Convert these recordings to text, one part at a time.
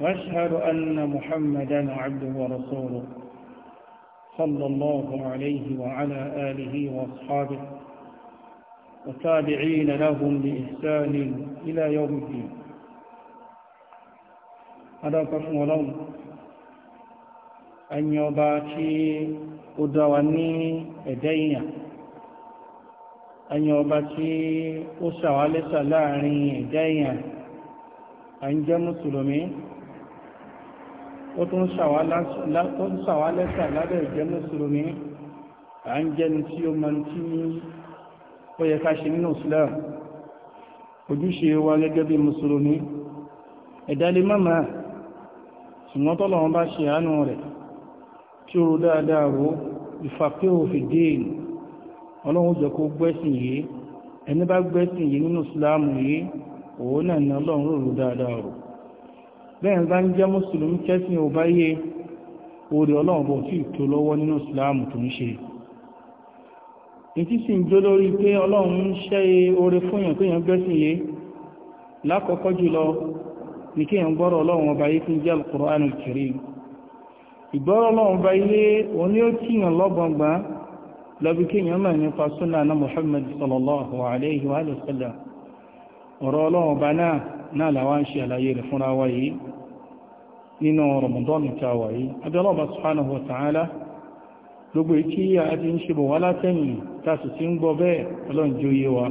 واشهد أن محمدا عبده ورسوله صلى الله عليه وعلى آله وأصحابه وتابعين لهم بإحسان إلى يوم الدين هذا قسم لهم أن يباتي ادواني إدينا أن يباتي أسوالس لاني إدينا أن جمسلمين ó tún ṣàwá lẹ́sà lábẹ́ ìjẹ́ mùsùlùmí à ń jẹ́ni tí ó mọ tí ó yẹ ká ṣe nínú islam ojúṣe wa gẹ́gẹ́ bí mùsùlùmí ẹ̀dálẹ́ mọ́mọ́ ṣùgbọ́n tọ́lọ́wọ́n bá ṣe àánú rẹ̀ tí ó dáadáa ro ìfàpé òfin déènì ọlọ́run jẹ́ kó gbẹ́sìn yìí ẹni bá gbẹ́sìn yìí nínú islam yìí òun náà ní ọlọ́run rò dáadáa rò bẹ́ẹ̀ bá ń jẹ́ mùsùlùmí kẹ́sìn ò bá yé orí ọlọ́run bọ̀ tí ìtò lọ́wọ́ nínú ìsìláàmù tó ń ṣe ìtí sì ń jó lórí pé ọlọ́run ń ṣe oore fún tó yàn gbẹ́sìn yé lákọ̀ọ́kọ́ jùlọ ní kí èèyàn gbọ́rọ̀ ọlọ́run ọba yé fún jẹ́ Al-Qur'anul ìgbọ́rọ̀ ọlọ́run ọba yé òun ni ó tíyàn lọ́gbọ̀ngbà lọ́bí kí èèyàn mọ̀ nípa súnà náà Muhammad sallallahu alayhi wa sallam ọ̀rọ̀ ọlọ́run ọba náà náà làwọn ń ṣe àlàyé rẹ̀ fúnra wa nínú rọmọdọ́nù tàwà yìí adọ́lọ́bà subhanahu wa ta'ala gbogbo ikí àti ń ṣebò wá látẹ̀yìn tàṣì tí ń gbọ́ bẹ́ẹ̀ ọlọ́njẹ́ yé wa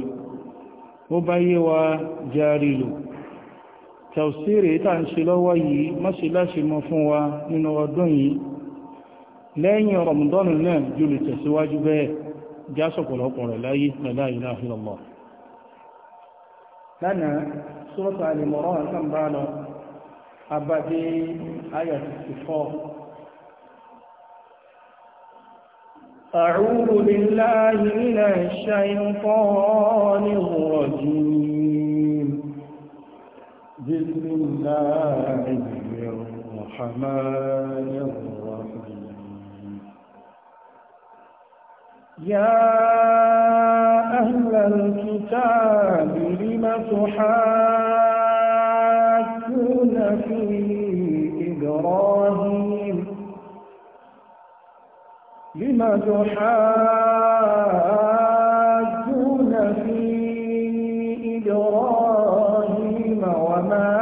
ó bá yé wa járí lò tàùsírè tà ń ṣe lọ́wọ́ yìí mọ́ṣe láṣe mọ́ fún wa nínú ọdún yìí lẹ́yìn rọmọdọ́nù náà jù lè tẹ̀síwájú bẹ́ẹ̀ já sọ̀pọ̀lọpọ̀ abadi ayà 64 أعوذ بالله من الشيطان الرجيم بسم الله الرحمن الرحيم يا أهل الكتاب لم تحاسبون فيما تحاجون في إبراهيم وما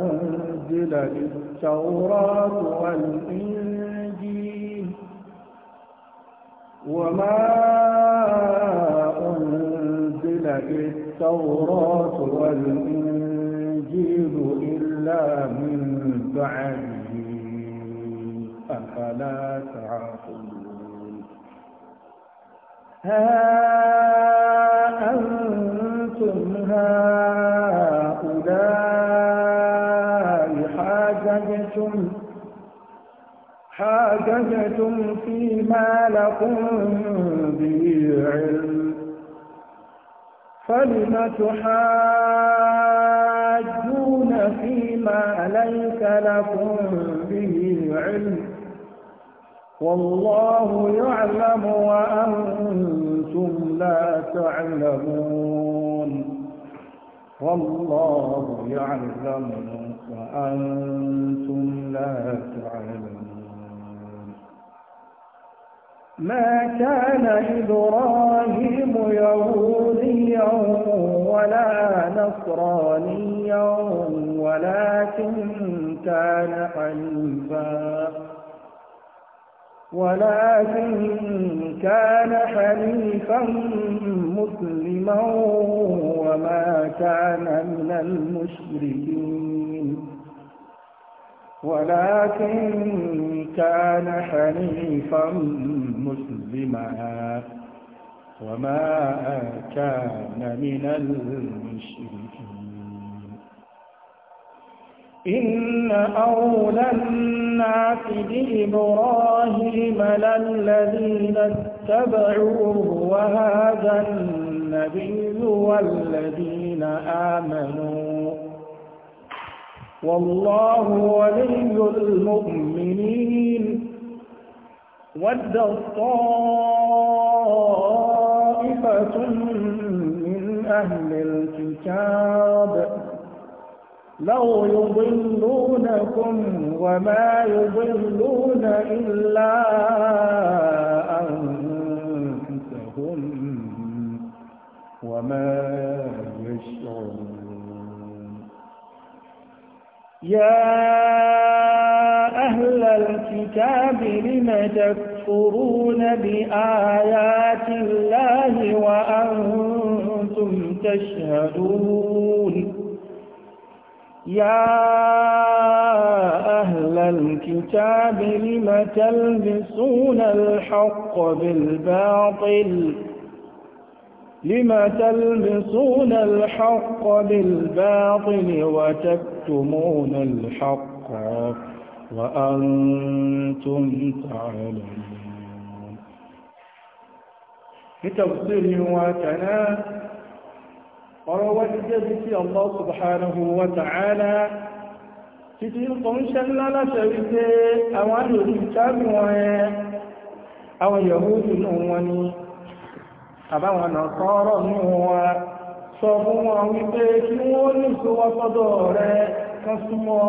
أنزلت التوراة والإنجيل وما أنزلت التوراة والإنجيل إلا من بعده أفلا تعلمون ها أنتم هؤلاء حاججتم حاججتم فيما لكم به علم فلم تحاجون فيما ليس لكم به علم والله يعلم وأنتم لا تعلمون والله يعلم وأنتم لا تعلمون ما كان إبراهيم يهوديا ولا نصرانيا ولكن كان حنيفا ولكن كان حنيفا مسلما وما كان من المشركين ولكن كان حنيفا مسلما وما كان من المشركين إن أولى الناس بإبراهيم للذين اتبعوه وهذا النبي والذين آمنوا والله ولي المؤمنين ود الطائفة من أهل الكتاب لو يضلونكم وما يضلون إلا أنفسهم وما يشعرون يا أهل الكتاب لم تكفرون بآيات الله وأنتم تشهدون يا أهل الكتاب لم تلبسون الحق بالباطل لم تلبسون الحق بالباطل وتكتمون الحق وأنتم تعلمون لتفصيل وتناسل ọ̀rọ̀ wá ti jẹ́ wa ta'ala títí kò ńlá láti rí pé àwọn ìtàbí wọn ẹ àwọn Yahudi nù wọn ni àbáwọn nà sọ́rọ̀ nù wọn sọ fún wọn wípé kí wọ́n ní rẹ kan súnmọ́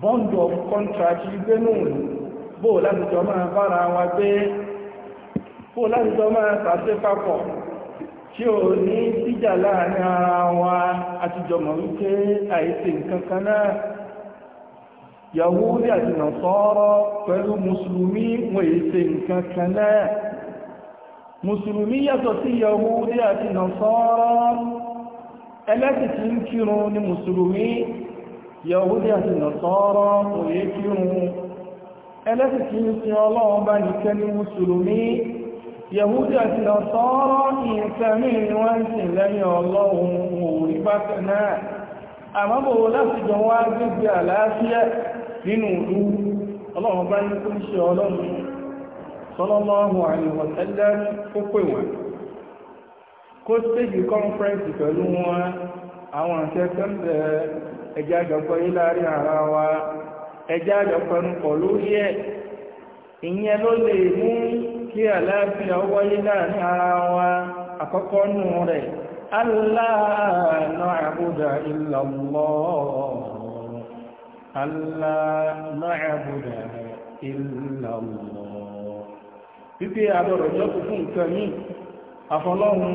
bond of contract gbénú bó látijọ́ máa bára wa gbé bó látijọ́ máa tàṣẹ papọ̀ tí ò ní síjà láàrin ara wa àtijọ́ mọ̀ wípé àìsí nǹkan kan náà Yahudi àti Nasara pẹ̀lú Mùsùlùmí wọ́n èsè nǹkan kan náà Mùsùlùmí yàtọ̀ sí Yahudi àti Nasara ẹlẹ́sì tí ń kírun ni Mùsùlùmí yahudi àti nàtọ́rọ́ òye kírun ẹlẹ́sìn kí ń sin ọlọ́run bá nìkẹ́ ní mùsùlùmí yahudi àti nàtọ́rọ́ nǹkan míì ni wọ́n ń sìn lẹ́yìn ọlọ́run òwúrí bákan náà àmọ́bò pẹ̀lú wọn àwọn àṣẹ tó ń bẹ ẹjẹ́ àjọpọ̀ yí láàrin ara wa ẹjẹ́ àjọpọ̀ ń pọ̀ lórí ẹ̀ ìyẹn ló lè mú kí àlàáfíà wáyé láàrin ara wa àkọ́kọ́ nù rẹ̀ Allah na'budu illa Allah Allah na'budu illa Allah pípé àdọ̀rọ̀jọ́ fún nǹkan yìí àfọlọ́hun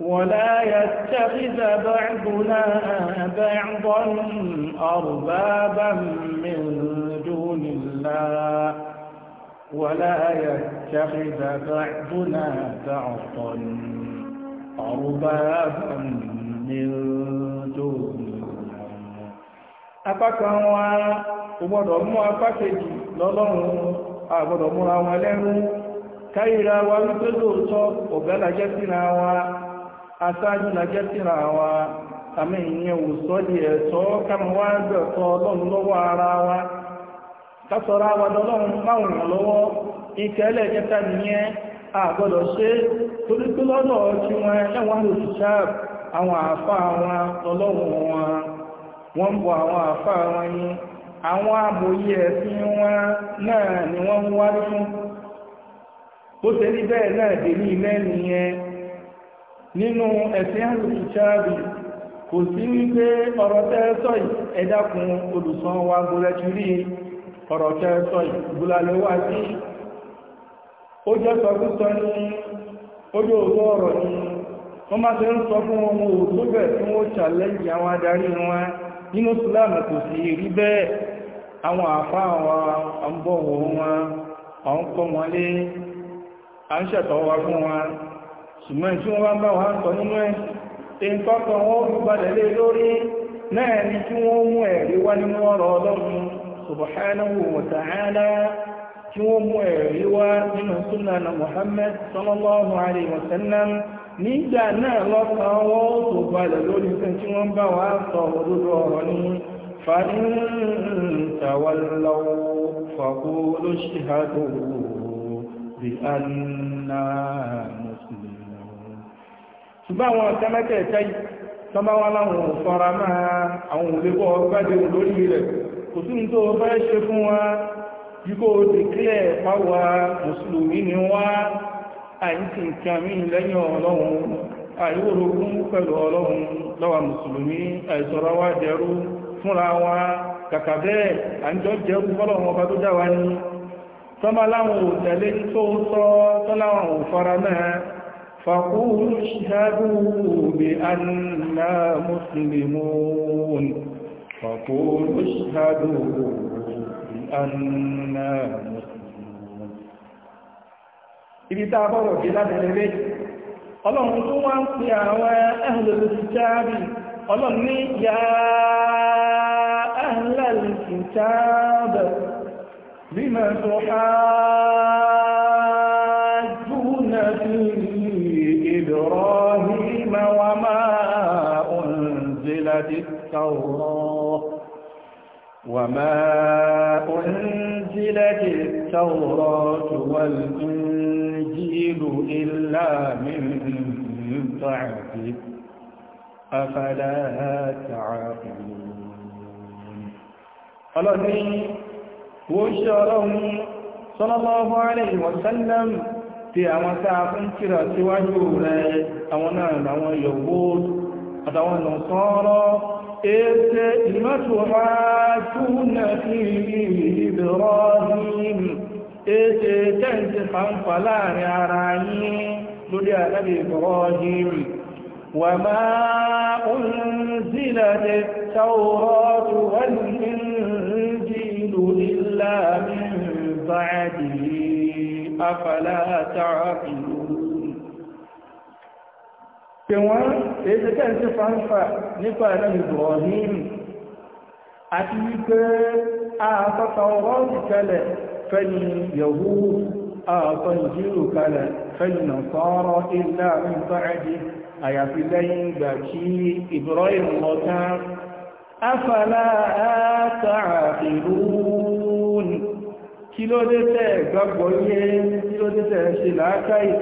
ولا يتخذ بعضنا بعضا أربابا من دون الله ولا يتخذ بعضنا بعضا أربابا من دون الله apákan wa kò gbọdọ̀ mú apá kejì lọ́lọ́run àgbọdọ̀ múra wọn lẹ́rú káyìíra wa wípé lóòótọ́ ọ̀gá làjẹ́ síra wa aṣáájú lájẹ́ síra wa àmì ìyẹn ò sọ di ẹ̀tọ́ káwọn wá gbẹ̀tọ́ ọlọ́run lọ́wọ́ ara wa kásọ̀rọ̀ àwọn ọlọ́run máwùn lọ́wọ́ àwọn àfá wọn wọn wọ́n náà ni wọ́n ń bẹ́ẹ̀ náà ní ilẹ́ nínú ẹ̀sìn alùpùpù kò sí wípé ọ̀rọ̀ tẹ́ẹ̀sọ́ ẹ̀dàkùn olùsàn wa gbọ́lẹ̀tìrí ọ̀rọ̀ tẹ́ẹ̀sọ́ ìgbúlalẹ́wà sí ó jẹ́ ní ojú ọ̀rọ̀ ni wọ́n máa tẹ́ ń sọ fún ọmọ bẹ̀ tí wọ́n àwọn adarí wọn nínú sùlámù kò sí rí bẹ́ẹ̀ àwọn àfá àwọn wọn àwọn ṣùgbọ́n tí wọ́n bá bá wọn sọ nínú ẹ̀ tí ń tọ́tọ̀ wọn ó gbàdẹ̀ lé lórí náà ni kí wọ́n mú ẹ̀rí wá nínú ọ̀rọ̀ ọlọ́run subhanahu wa ta'ala tí wọ́n mú ẹ̀rí wá nínú súnà Muhammad sallallahu alaihi wa nígbà náà lọ́kàn wọ́n ó tó gbàdẹ̀ lórí pé tí wọ́n bá wọn sọ òdodo ọ̀rọ̀ ní فإن تولوا فقولوا اشهدوا بأننا ṣùgbọ́n àwọn ọ̀tẹ́ mẹ́tẹ̀ẹ̀tẹ́ yìí tán bá láwọn òfara máa àwọn òlébọ̀ gbáde lórí rẹ̀ kò sí tó fẹ́ ṣe fún wa yíkó dìkílẹ̀ páwà mùsùlùmí ni wá àìsí lẹ́yìn ọlọ́run àìwòrógún فقولوا اشهدوا بأننا مسلمون فقولوا اشهدوا بأننا مسلمون إذا تابعوا في هذا البيت أهل الكتاب اللهم يا أهل الكتاب بما تحاول إبراهيم وما أنزلت التوراة وما أنزلت التوراة والإنجيل إلا من بعده أفلا تعقلون الله وشرم صلى الله عليه وسلم ti àwọn tá fún kíra ti síwájú rẹ̀ àwọn na na won náà làwọn yòówó àtàwọn ọ̀nà sọ́rọ́ imatu ìmọ̀tò àtúnà fi Ibrahim ese tan ti fan pala re ara yín lórí bi Ibrahim wa ma وما أنزلت wal والإنجيل illa min ba'di أفلا تعقلون pé wọ́n èéṣe tẹ́ ń tí fàǹfà nípa ẹ̀lẹ́mì Ibrahim àti wípé àtọ́ta ọlọ́rùn kalẹ̀ fẹ́ni yẹ̀wú àtọ́ ìjírò kalẹ̀ fẹ́ni nà sọ́rọ̀ ilẹ̀ àrùn sáàdì àyàfi lẹ́yìn ìgbà kí Ibrahim lọ́tán afẹ́lá àtàrà ìlú kí ló dé tẹ́ gbàgbọ́ yé kí ló dé tẹ́ ṣe làákàyè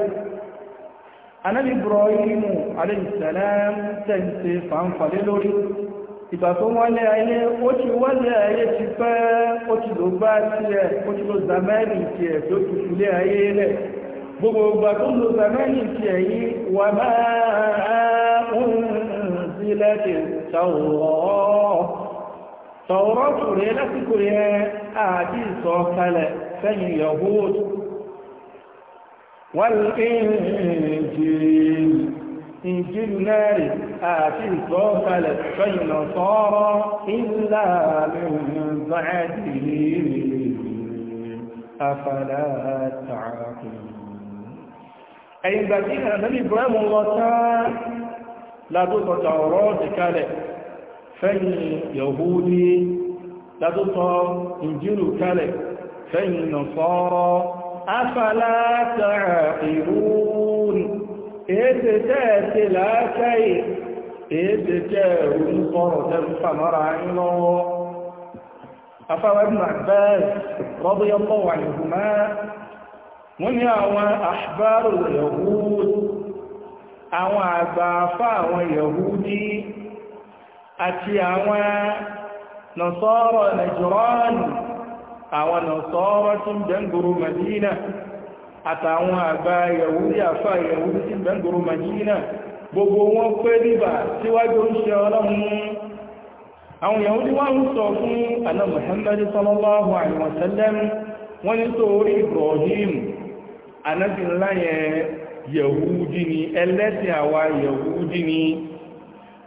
anábì Ibrahim alayhi salam tẹ̀sí fanfàlẹ́ lórí ìgbà tó wọlé ayé ó ti wọlé ayé ti pẹ́ ó ti lò bá tiẹ̀ ó ti gbogbo ìgbà tó lò zamẹ́rì tiẹ̀ yìí wà máa ń sílẹ̀ tẹ̀ sáwọ́ tọ̀rọ̀tù rẹ̀ lásìkò yẹ àti ìsọ̀kalẹ̀ sẹ́yìn yahood wọ́n ìjìnlẹ̀ rẹ̀ àti ìsọ̀kalẹ̀ sẹ́yìn lọ́sọ́rọ̀ ilá ẹ̀yìn gbàtí ìrànlẹ́bí ibrahim lọ tán fẹ́yìn yahudi látútọ́ ìjírù kalẹ̀ fẹ́yìn nasara afala ta'qilun èése tẹ́ẹ̀tẹ́ láákàí èése tẹ́ẹ̀rù ń sọ́rọ̀ tẹ́rù fàmọ́ra ń lọ́wọ́ afáwà ibn Abbas radiyallahu anhuma wọ́n ní àwọn ahbarul àti àwọn nọ̀sọ́rọ̀ nàìjọ́rọ̀nù àwọn nọ̀sọ́rọ̀ tí ń bẹ̀ngoro Madina àtàwọn àgbà yahudi àfà yahudi tí ń bẹ̀ngoro Madina gbogbo wọn pé ríbà síwájú oúnjẹ ọlọ́run àwọn yahudi wọ́n ń sọ Ibrahim yahudi ni yahudi ni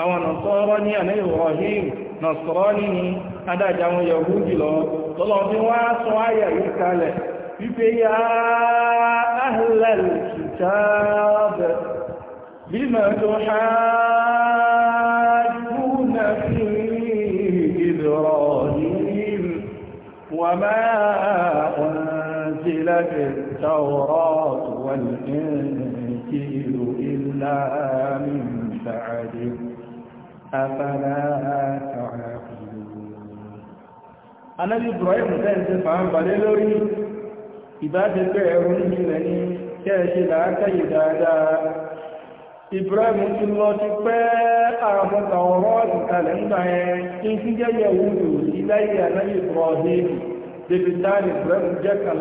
àwọn nàṣọ́rọ́ ní àná Ibrahim nàṣọ́rọ́ ní adájà àwọn Yahudi lọ tọ́lọ bí wọ́n sọ ayà yìí kalẹ̀ wípé ya ahlal kitab bima tuhajjuna fi Ibrahim wa أنزلت التوراة والإنجيل إلا من afárá àtàrà anábí ibrahim tẹ́ǹtẹ́ fàánbalẹ́ lórí ìbájẹ́pẹ́ ẹ̀rọ ní rẹ̀ ní kẹ́ẹ̀ṣe làákàyè dáadáa ibrahim ti lọ ti pẹ́ àmọ́ta ọ̀rọ̀ ìtàlẹ̀ ńgbà yẹn kí n kíjẹ́ yẹ wúlò ibrahim david ibrahim jẹ́ kan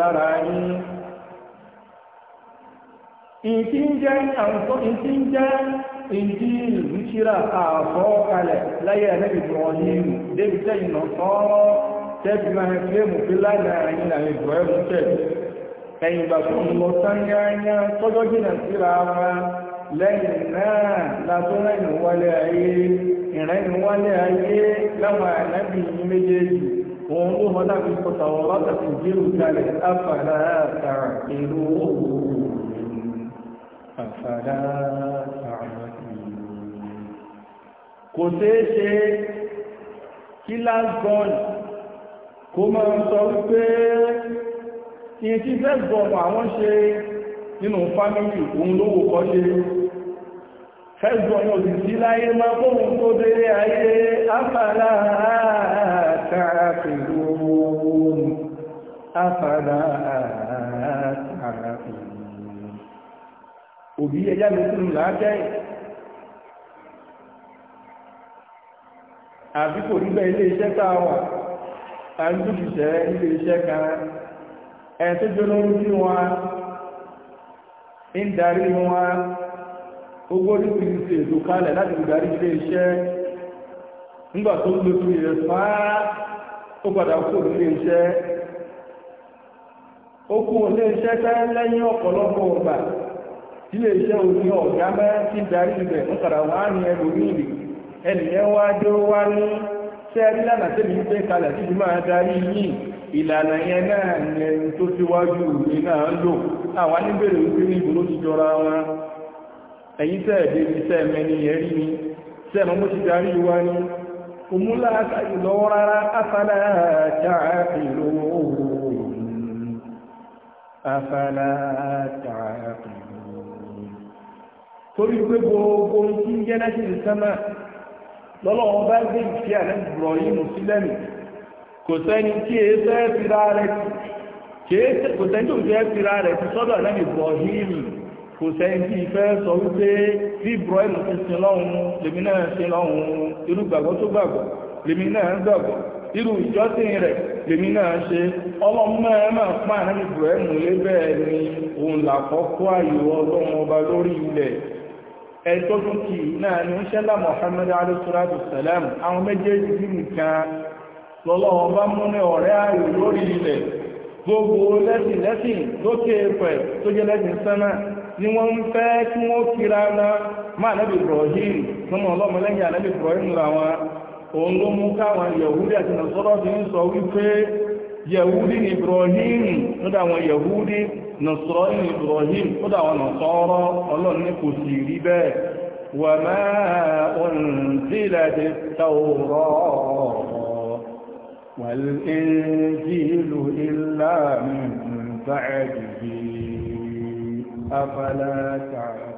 ìtí ń jẹ́ àǹkọ́ ìtí ń jẹ́ ìdí ìlú tíra àfọ́ kalẹ̀ láyé ẹ̀lẹ́bì tí wọ́n ní ìlú débi tẹ́ ìnà sọ́ọ́ tẹ́bí máa ń fi mú fi lánàá ẹ̀yìn àwọn ìbò ẹ̀rù tẹ̀ ẹ̀yìn ìgbà tó ń lọ sáńgáyá tọ́jọ́ jìnà síra lẹ́yìn náà látó rẹ̀yìn wálé ayé ìrẹ́yìn wálé ayé láwọn ànábì yìí méjèèjì òun ló mọ́ láti kọta ọlọ́tà jírù kalẹ̀ afàlà àtàrà ìlú òwúrò àfàdá kò ṣeé ṣe kí lásbọ̀n kó máa sọ wípé kí n tí fẹ́ gbọ́n àwọn ṣe nínú fámílì òun lówó kọ́ ṣe fẹ́gbọ́n yóò sì sí láyé má fóhun tó délé ayé afàdá àtàràfèlú afàdá àtàràfèlú òbí ẹyá mi kúrò láàjẹ́ àbí kò rí bẹ́ ilé iṣẹ́ táwà a ń dúkìṣẹ́ ilé iṣẹ́ kan ẹ̀ tó jóná ojú wọn ń darí wọn gbogbo orílẹ̀ ìṣẹ́ ètò kalẹ̀ láti darí ilé iṣẹ́ nígbà tó fún ó padà kó ilé iṣẹ́ ó kú ilé iṣẹ́ lẹ́yìn ọ̀pọ̀lọpọ̀ ọgbà ilé iṣẹ́ òní ọ̀gá mẹ́rin tí darí ibẹ̀ ń kàrà wá ní ẹlòmíìlì ẹnìyẹn wá dé wá ní sẹ́ẹ̀rí lánàá tẹ́lẹ̀ ń gbé kalẹ̀ tí ti máa yìí ìlànà yẹn náà ẹni tó síwájú mi náà ń lò àwọn ní ti jọra wọn ẹ̀yìn ti sẹ́ẹ̀mẹ́ ni sẹ́ẹ̀mọ́ mo ti darí wá ní òmúlá torí pé gbogbo tí ń jẹ́ láti ìsámà lọ́lọ́wọ́ bá gbé ìfẹ́ àrẹ bùrọ̀ yìí sílẹ̀ nì kò sẹ́ni tí èé fẹ́ rẹ̀ kò sẹ́ni fẹ́ fira rẹ̀ ti sọ́dọ̀ náà ìbùrọ̀ kò sẹ́ni tí ìfẹ́ sọ wípé bí ìbùrọ̀ ti sin lọ́hùn lèmi náà sin lọ́hùn irú gbàgbọ́ tó ẹ̀tọ́dún kì náà ni ń ṣẹ́lá Muhammad alẹ́sọ́láàdù sàlámù àwọn méjèèjì bí nìkan lọ́lọ́wọ́n bá mú ní ọ̀rẹ́ ayò lórí ilẹ̀ gbogbo lẹ́sìn lẹ́sìn lókè pẹ̀ tó jẹ́ lẹ́sìn sánà ni wọ́n ń fẹ́ kí wọ́n kíra ná máa nẹ́bì Ibrahim sọmọ ọlọ́mọ lẹ́yìn ànẹ́bì Ibrahim làwọn òun ló mú káwọn Yahudi àti nàṣọ́rọ́ fi ń sọ wípé yahudi ibrahim lọ́dọ̀ àwọn yahudi nasrani ibrahim lọ́dọ̀ àwọn nasara ọlọ́run ní kò sì rí bẹ́ẹ̀ wà máa unzilat at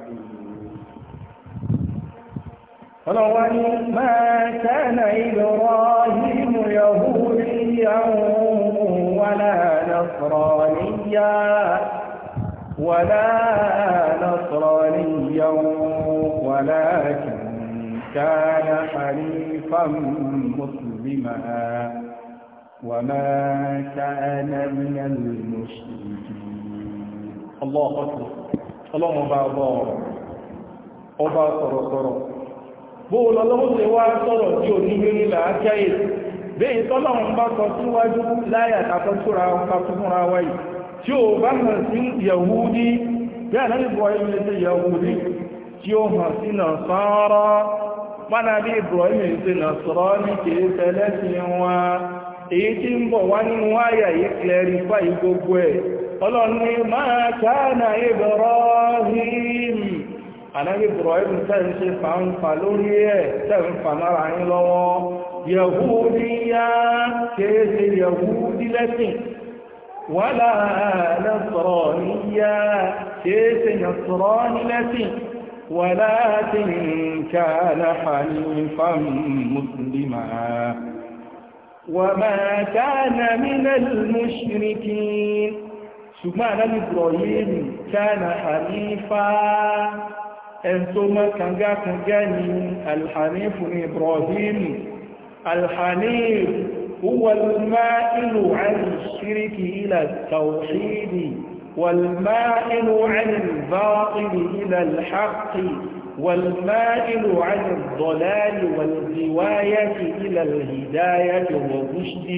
روى ما كان إبراهيم يهوديا ولا نصرانيا ولا نصرانيا ولكن كان حليفا مسلما وما كان من المشركين الله أكبر الله أكبر أبا صرصر bó o lọ́lọ́wọ́ ṣe wá sọ̀rọ̀ tí ò ní lórí làákẹ́yè bẹ́ẹ̀ tọ́lọ́run bá kọ síwájú láyà takọ́súra kakúnra wa tí ó bá hàn sí yahudi bí yahudi tí ó hàn sí Ibrahim ṣe nàṣọ́rọ́ ní kìí tẹ́lẹ́sìn wọn ànábì Ibrahim tẹ́ ń ṣe fàǹfà lórí ẹ̀ tẹ́ ń fà lára yín lọ́wọ́ yẹ̀húdíyá kìí ṣe yẹ̀húdí lẹ́sìn wàlá nasraniya kìí ṣe nasrani lẹ́sìn wàlá tí kana hanifan muslima wàmá kana minal mushrikin ṣùgbọ́n ànábì Ibrahim kana hanifan ẹ̀ntọ́mọ́ kàngákàngá جاني الحنيف ابراهيم الحنيف هو المائل عن الشرك الى التوحيد والمائل عن الباطل إلى الحق والمائل عن الضلال والزواية إلى الهداية والرشد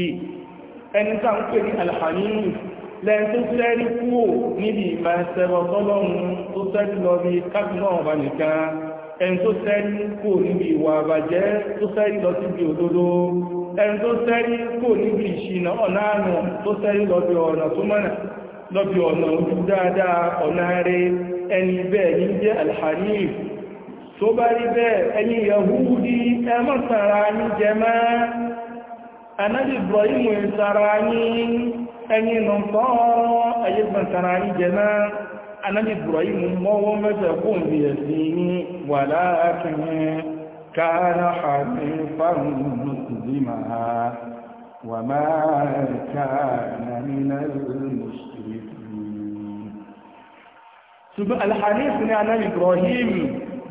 أن تنقل الحنيف lẹ́yìn tó sẹ́rí kúrò níbi ìmọ̀ ẹsẹ̀rọ tọ́lọ́run tó sẹ́rí lọ bí kápínà ọba nìkan tó sẹ́rí níbi ìwà àbàjẹ́ tó sẹ́rí lọ síbi òdodo ẹn tó sẹ́rí níbi ìṣìnà ọ̀nà àánú tó sẹ́rí ọ̀nà tó mọ́nà ọ̀nà ojú dáadáa ọ̀nà ẹni bẹ́ẹ̀ ní jẹ́ bẹ́ẹ̀ ẹni yahudi ẹni nà tán ẹyẹ gbọ̀ntara ní jẹ náà anábì Ibrahim mọ́wọ́ mẹ́fẹ̀ fún bí ẹ̀sìn ní wà láàkìyàn káàrà àti fáwọn mùsùlùmá wà máa káàrà nínú mùsùlùmí ṣùgbọ́n alhàníṣ ní anábì Ibrahim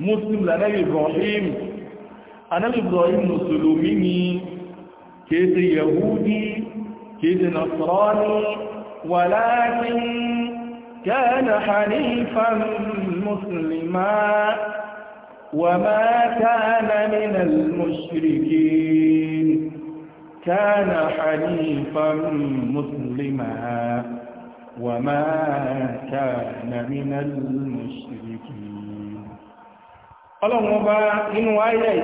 muslim lànàbì Ibrahim anábì Ibrahim mùsùlùmí ni kèèsè yahudi إذ نصراني ولكن كان حنيفا مسلما وما كان من المشركين كان حنيفا مسلما وما كان من المشركين قالوا مبا إن وإليه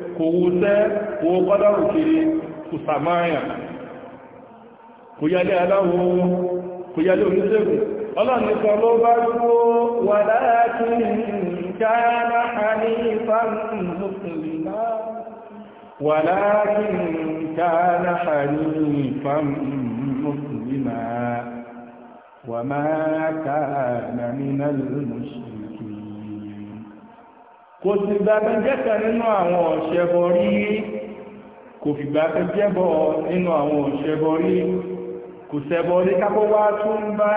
kò wo sẹ́ wo kiri kò sàmáyà kò yálé oníṣègùn ọlọ́run ló bá dúró wà láti كان حنيفا مسلما ولكن كان kò sì gbàgbẹ́jẹ́kẹ̀ nínú àwọn ọ̀ṣẹ́bọ rí kò fi gbàgbẹ́jẹ́bọ nínú àwọn ọ̀ṣẹ́bọ rí kò ṣẹbọ ní kápọ́ tó ń bá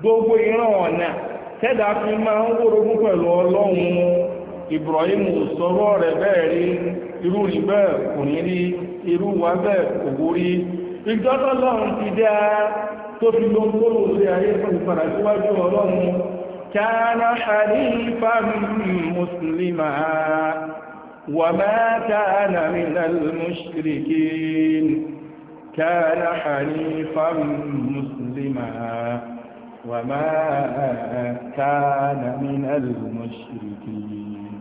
gbogbo ìran ọ̀nà tẹ́dà fi máa ń wórogún pẹ̀lú ọlọ́run Ibrahim sọ̀rọ̀ rẹ̀ bẹ́ẹ̀ rí irú rí bẹ́ẹ̀ kò ní rí irú wa bẹ́ẹ̀ kò ti dá tó fi lóńgbòrò sí ayé كان حليفا مسلما وما كان من المشركين كان حليفا مسلما وما كان من المشركين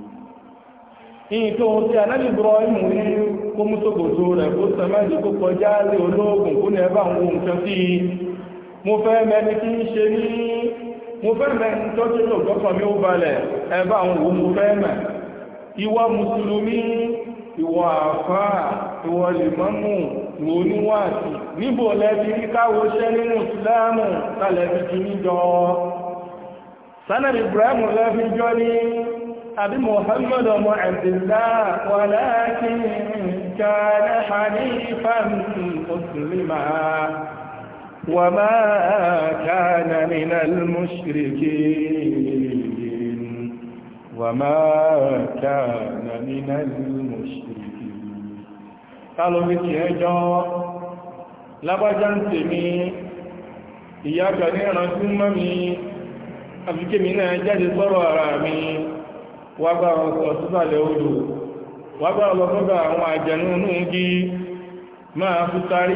إن توتي أنا إبراهيم كم تقول لك سمعت كوكوجا لأولوغ كنا بانغوم كثير مفهمة كي شريك mo fẹ́ mẹ́ tọ́jú lò gbọ́kàn mi ó balẹ̀ ẹbá àwọn òun mo fẹ́ mẹ́ ìwọ mùsùlùmí ìwọ àfáà ìwọ lèmọ́mù ìwọ oníwàásí níbo lẹ́bi káwo ṣẹ́ nínú ìsìláàmù tàlẹ́bi ti níjọ sanabi ibrahim lẹ́bi jọ ní àbí muhammad ọmọ abdullah wà láàkín kánà hanifan musliman وما كان من المشركين وما كان من المشركين قالوا بك ẹjọ́ lábájá ń tèmi ìyáka ní ẹ̀rántí mọ́ mi àfikèmí ara mi wà bá ọkọ̀ sísàlẹ̀ odò wà bá ọlọ́fọ́gbà àwọn àjẹ̀nú ní gí máa fi tarí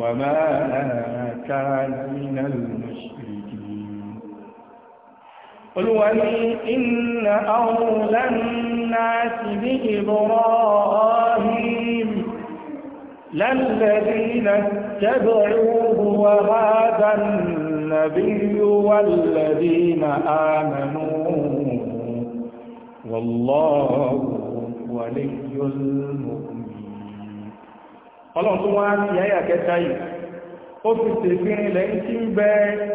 وما كان من المشركين قل إن أولى الناس بإبراهيم للذين اتبعوه وهذا النبي والذين آمنوا والله ولي المؤمنين ọlọ́run tó wá sí àyà kẹta yìí ó fi tèfìrin lẹ́ tí ń bẹ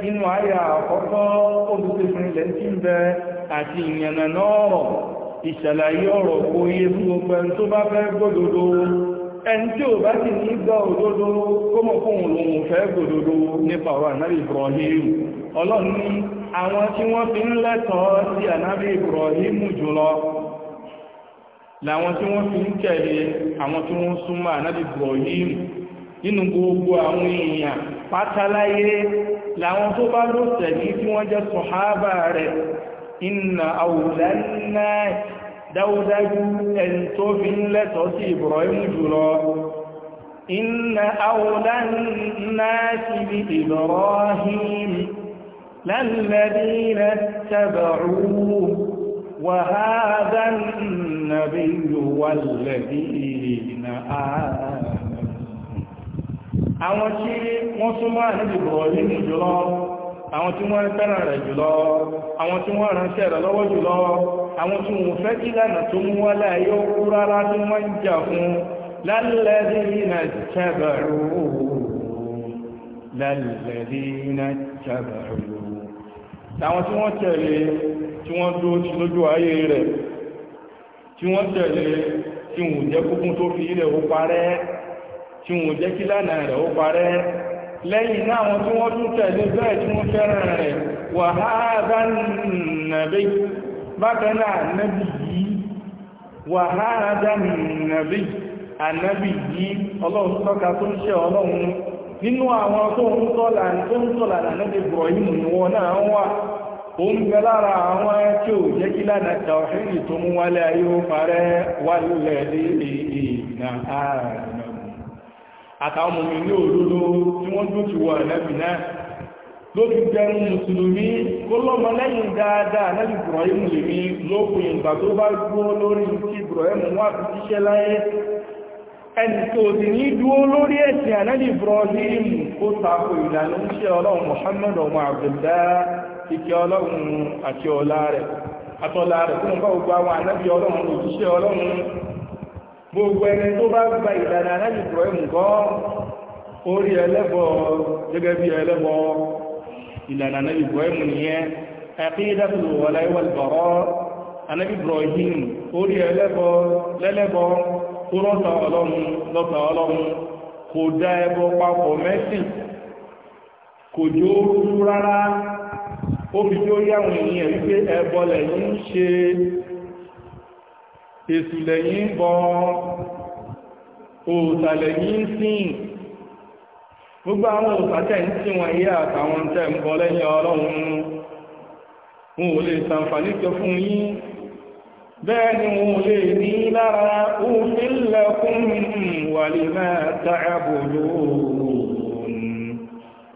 inú àyà àkọ́kọ́ ó fi tèfìrin lẹ́ tí ń bẹ àti ìyànnà náà ìṣàlàyé ọ̀rọ̀ kò yé fún gbogbo ẹni tó bá fẹ́ gbódodo ẹni tí ò bá sì ní gbọ́ òdodo kó mọ̀ fún fẹ́ gbódodo nípa ọ̀rọ̀ ànábì Ibrahim ọlọ́run ní àwọn tí wọ́n fi ń lẹ́tọ̀ọ́ sí ànábì Ibrahim jùlọ làwọn tí wọ́n fi ń tẹ̀lé àwọn tí wọ́n súnmọ́ ànábì Ibrahim nínú gbogbo àwọn èèyàn pátáláyé làwọn tó bá ló tẹ̀lé tí wọ́n jẹ́ sọ̀hábà rẹ̀ inna àwùlánà dáúdájú ẹni tó fi ń lẹ́tọ̀ọ́ sí Ibrahim jùlọ inna àwùlánà وهذا النبي والذين آمنوا àwọn tí wọ́n súnmọ́ níbi bọ̀ọ̀lì ní jùlọ àwọn tí wọ́n fẹ́ràn rẹ̀ jùlọ àwọn tí wọ́n ránṣẹ́ rẹ̀ lọ́wọ́ jùlọ àwọn tí wọ́n fẹ́ kí lánà tó mú wọ́n láyé ókú rárá tí wọ́n ń jà fún lálẹ́dínà jẹ́bẹ̀rú lálẹ́dínà jẹ́bẹ̀rú tí wọ́n dúró ti lójú ayé rẹ̀ tí wọ́n tẹ̀lé tí wọ́n jẹ́ kúkún tó fi ilẹ̀ ó parẹ́ tí wọ́n jẹ́ kí lánàá rẹ̀ ó parẹ́ lẹ́yìn náà wọn tí wọ́n tún tẹ̀lé bẹ́ẹ̀ tí wọ́n fẹ́ràn rẹ̀ wà á bá nàbí bákan náà nàbí Ibrahim ni wọ́n náà òun bẹ lára àwọn tí ó jẹ́ kí lánà tàwàhìrì tó mú wálé ayé ó na wálẹ̀ lè àtàwọn ti jẹun mùsùlùmí kó lọ́mọ lẹ́yìn dáadáa lẹ́yìn Ibrahim lè lókùn ìgbà tó bá dúró lórí tí Ibrahim wà fi ṣiṣẹ́ láyé ẹni tó ti ní dúró lórí ẹ̀sìn ànẹ́lì Ibrahim kó tako ìlànà ìkẹ́ ọlọ́run àti ọlá rẹ̀ àtọ́lá rẹ̀ fún bá gbogbo àwọn ànábì ọlọ́run òjíṣẹ́ ọlọ́run gbogbo ẹni tó bá gba ìlànà ànábì Ibrahim kọ́ orí ẹlẹ́bọ gẹ́gẹ́ bí ẹlẹ́bọ ìlànà ànábì Ibrahim nìyẹn aqidatul wala'i wal bara' ànábì Ibrahim orí ẹlẹ́bọ lẹ́lẹ́bọ omi tí ó yáwọn èèyàn wípé ẹbọ lẹ́yìn ń ṣe èsù lẹ́yìn ń bọ òòsà lẹ́yìn ń sìn gbogbo àwọn òòsà tẹ́ ń sìn wọn yé àtàwọn tẹ́ ń bọ lẹ́yìn ọlọ́run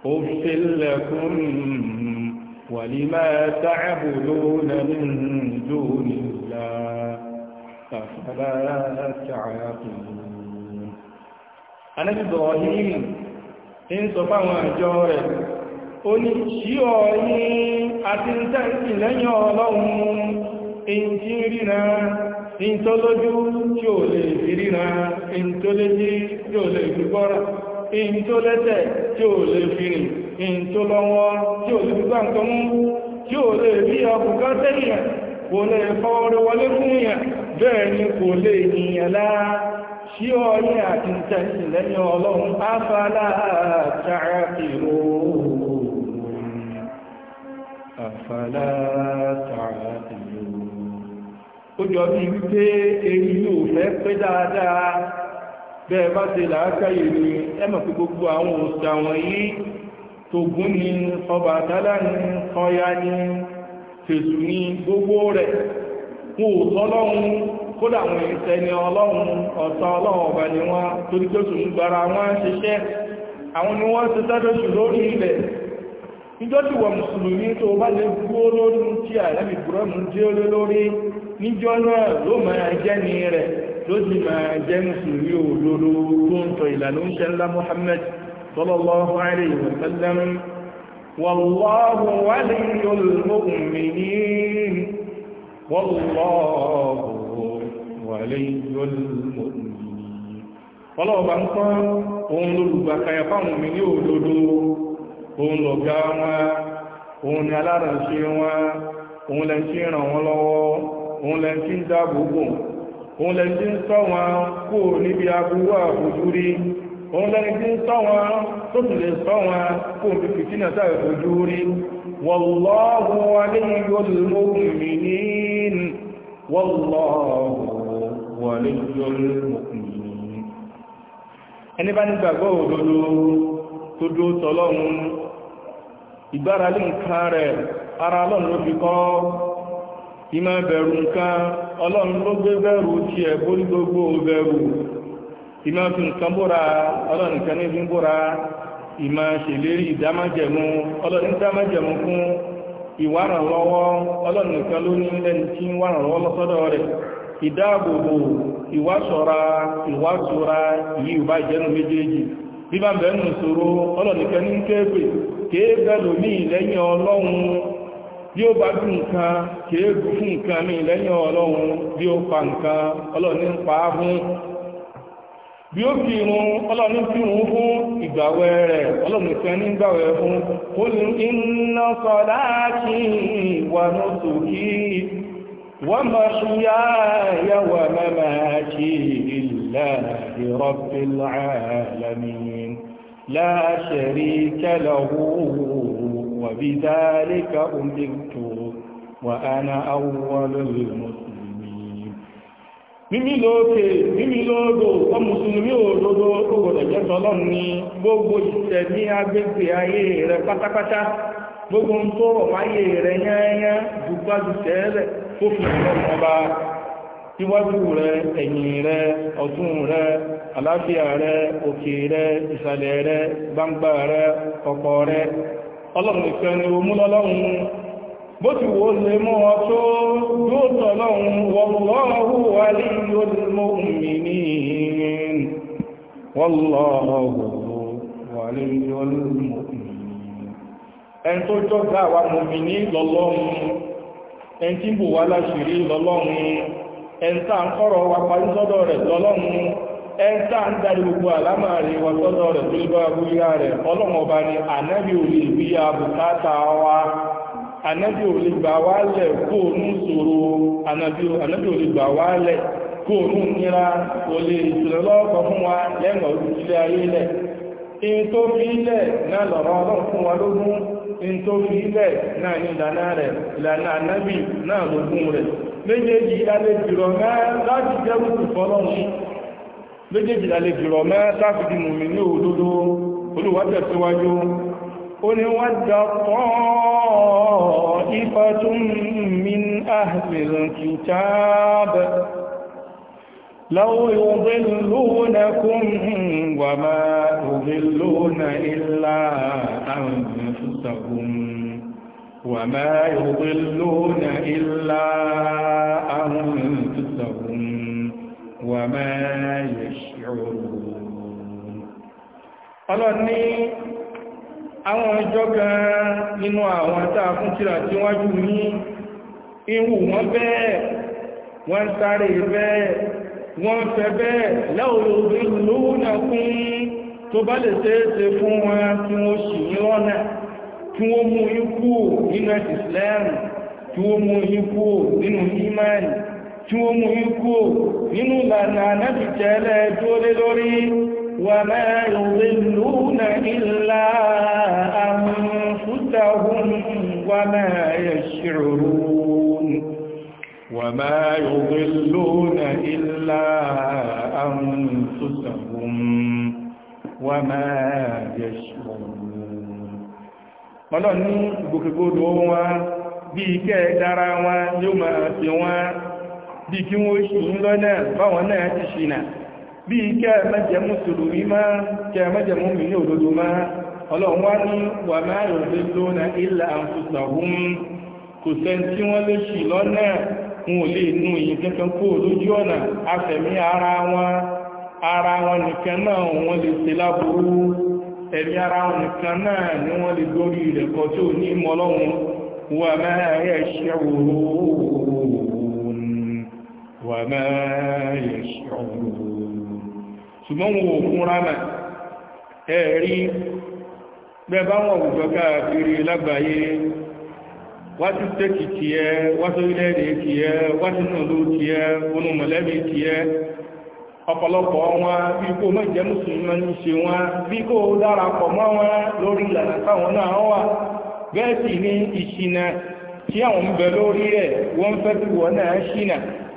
òfin lẹ́kùn ولما تعبدون من دون الله أفلا تعقلون Ànábì Ibrahim ń sọ fáwọn àjọ rẹ̀ ó ní ṣí ọ ní àti ń tẹ́ǹtì lẹ́yìn ọlọ́run èyí tí ń ríra èyí tó lójú tí ò lè fi ríra èyí tó léjì tí ò lè fi gbọ́ra èyí tó lẹ́sẹ̀ tí ò lè fi rìn ìntò lọ́wọ́ tí ò lè gbá nǹkan mú tí ò lè rí ọkùnkán tẹ́lẹ̀ kò lè fọ́ọ̀rọ̀ wọlé fún yẹn bẹ́ẹ̀ ni kò lè yìnyàn láà tí ní àti tẹ̀sì lẹ́yìn ọlọ́run afálà tààkìrò ó jọ bí wípé èyí yóò fẹ́ pé dáadáa bẹ́ẹ̀ bá ti làákàyè gbogbo àwọn òṣà wọ̀nyí tògún ni ọba àtàlà ni ọya ni fèsù ni gbogbo rẹ̀ wọn ò tọ́lọ́run kódà wọn ìṣẹ́ni ọlọ́run ọ̀tá ọlọ́run ọba ni wọ́n torí pé sùn gbára wọn ṣiṣẹ́ àwọn ni wọ́n ti sẹ́dọ̀ṣù lórí ilẹ̀ níjọ́jú wọ mùsùlùmí tó bá lè gbó lórí tí àìlẹ́bì búrọ́mù jẹ́ olé lórí níjọ́ náà ló máa jẹ́ ní rẹ̀ ló sì máa jẹ́ mùsùlùmí òdodo tó ń tọ ìlànà oúnjẹ ńlá Muhammad صلى الله عليه وسلم والله ولي المؤمنين والله ولي المؤمنين ọlọ́ọ̀bá ń kọ́ ohun lórúgbà kayà fáwọn mi ní òdodo ohun lọ̀gá wọn ohun ni alárànṣẹ́ wọn ohun lẹ́n tí ràn wọn lọ́wọ́ ohun lẹ́n tí ń dáàbò bò ohun lẹ́n tí ń sọ wọn kó níbi agbúwà àbójúrí òun tí ń sọ wọn tó sì lè sọ wọn fún fífi sínú sáré fojú rí wallahu ara fi ìmọ̀ bẹ̀rù nǹkan ọlọ́run ló gbé bẹ̀rù tiẹ̀ bórí gbogbo bẹ̀rù ìmọ̀ fi nǹkan bóra ọlọ́run nìkan ní fi ń bóra ìmọ̀ ṣèlérí ìdámájẹ̀mú ọlọ́run dámájẹ̀mú fún ìwárànlọ́wọ́ ọlọ́run nìkan ló ní lẹ́ni tí ń wárànlọ́wọ́ lọ́sọ́dọ̀ rẹ̀ ìdáàbòbò ìwásọ̀ra ìwásọ̀ra yìí ìjẹ́nu méjèèjì bí ó bá bí nǹkan fún nǹkan ọlọ́run bí ó bí ó fi irun ọlọ́run fi irun fún ìgbàwẹ̀ rẹ̀ ọlọ́run fẹ́ ní ìgbàwẹ̀ fún ó ní inna salati wa nusuki wa mahyaya wa mamati lillahi rabbil alamin la sharika lahu wa bidhalika umirtu wa ana awwalul nílò òkè nílò odò ọmùsùlùmí òdodo ògbòdò jẹ́sọ ọlọ́run ni gbogbo ìṣẹ̀ ní agbègbè ayé rẹ pátápátá gbogbo ń tó rọ̀ máyé rẹ yányá dùgbàdù tẹ́lẹ̀ tó fi ọmọ rẹ ẹ̀yìn rẹ ọ̀tún rẹ àlàáfíà rẹ òkè rẹ ìsàlẹ̀ rẹ gbangba rẹ rẹ ọlọ́run ìfẹ́ ni omúlọ́lọ́run bó ti wò lè mú ọ tó yóò tọ́lọ́run wallahu waliyyul mu'minin wallahu waliyyul mu'minin ẹni lọ́lọ́run ẹni tí bò láṣìírí lọ́lọ́run ẹni tá ń kọ́rọ̀ parí sọ́dọ̀ rẹ̀ lọ́lọ́run tá ń darí gbogbo àlámà anabi ò lè gbà wálẹ̀ kóònù anabi ànábì ò lè gbà nira ò lè fún wa lẹ́nà òjìlé ayé lẹ̀ in tó fi ilẹ̀ náà lọ̀rọ̀ ọlọ́run fún wa lógún in tó fi ilẹ̀ náà ní ìlànà rẹ̀ ìlànà ànábì náà lógún rẹ̀ méjèèjì alẹ́ jùrọ̀ mẹ́ láti jẹ́rù ìfọ́lọ́run méjèèjì alẹ́ jùrọ̀ láti di mùmí ní òdodo قل ود طائفة من أهل الكتاب لو يضلونكم وما يضلون إلا أنفسهم وما يضلون إلا أنفسهم وما يشعرون قالوا àwọn ọjọ́ kan nínú àwọn tàà fún tíra tí wọ́n jù ní ihù wọ́n bẹ́ẹ̀ wọ́n sáré bẹ́ẹ̀ wọ́n fẹ́ bẹ́ẹ̀ láòrò náà tó bá lè ṣeéṣe fún wọn tí wọ́n sì ní ọ̀nà tí wọ́n mú ikú nínú Islam tí wọ́n mú ikú nínú iman tí wọ́n mú ikú nínú وما يضلون إلا أنفسهم وما يشعرون وما يضلون إلا أنفسهم وما يشعرون ملون بكبو دوما بيكي داراما يوما سيوما بيكي موشي لنا فوانا تشينا bí kẹ́ mẹ́jẹ mùsùlùmí máa kẹ́ mẹ́jẹ mùmí ní òdodo máa ọlọ́run wá ní wà máa yọ̀ lé lónà ilẹ̀ àǹfùsàhún kò sẹ́ni tí wọ́n lè ṣì lọ́nà wọn ò lè nu ìyìn kankan kó lójú ọ̀nà ṣùgbọ́n wọn ò fún rámà ẹ̀rí bẹ́ẹ̀bá wọn òjò káàkiri lágbàáyé wá sí tẹ́kì tí ẹ wá sórílẹ̀ èdè tí ẹ wá sínú ìlú tí ẹ onú mọ̀lẹ́bí tí ẹ ọ̀pọ̀lọpọ̀ wọn bí kò mọ́ ìjẹ́ mùsùlùmí ṣe wọn bí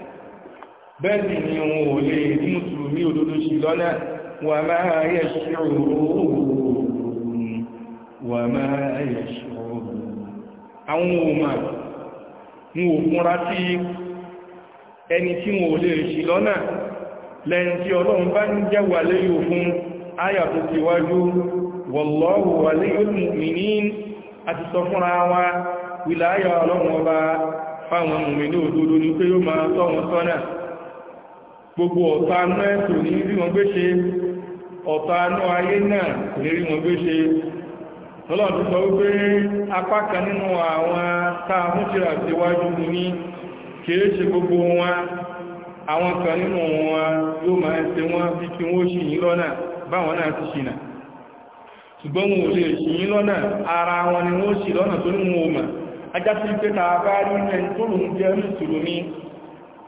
bẹ́ẹ̀ni ni wọn ò lè ní mùsùlùmí òdodo sí lọ́nà wà máa yẹ ṣòro àwọn òmà wọn ò fúnra sí ẹni tí wọn ò lè sí lọ́nà lẹ́yìn wà léyò fún áyà àti sọ fúnra wa wìláyà ọlọ́run ọba fáwọn mùmìnì òdodo ní pé yóò máa tọ́ wọn gbogbo ọ̀tá anú ẹ̀sùn ní n'iri wọn gbé ṣe ọ̀tá anú ayé náà lè rí gbé ṣe lọ́lọ́dún sọ wípé apá kan nínú àwọn ní ṣe gbogbo wọn àwọn kan nínú wọn yóò máa ṣe bí kí wọ́n ṣì yí lọ́nà báwọn náà ti ara wọn ni wọ́n ṣì lọ́nà tó wọn ò mà ajá sí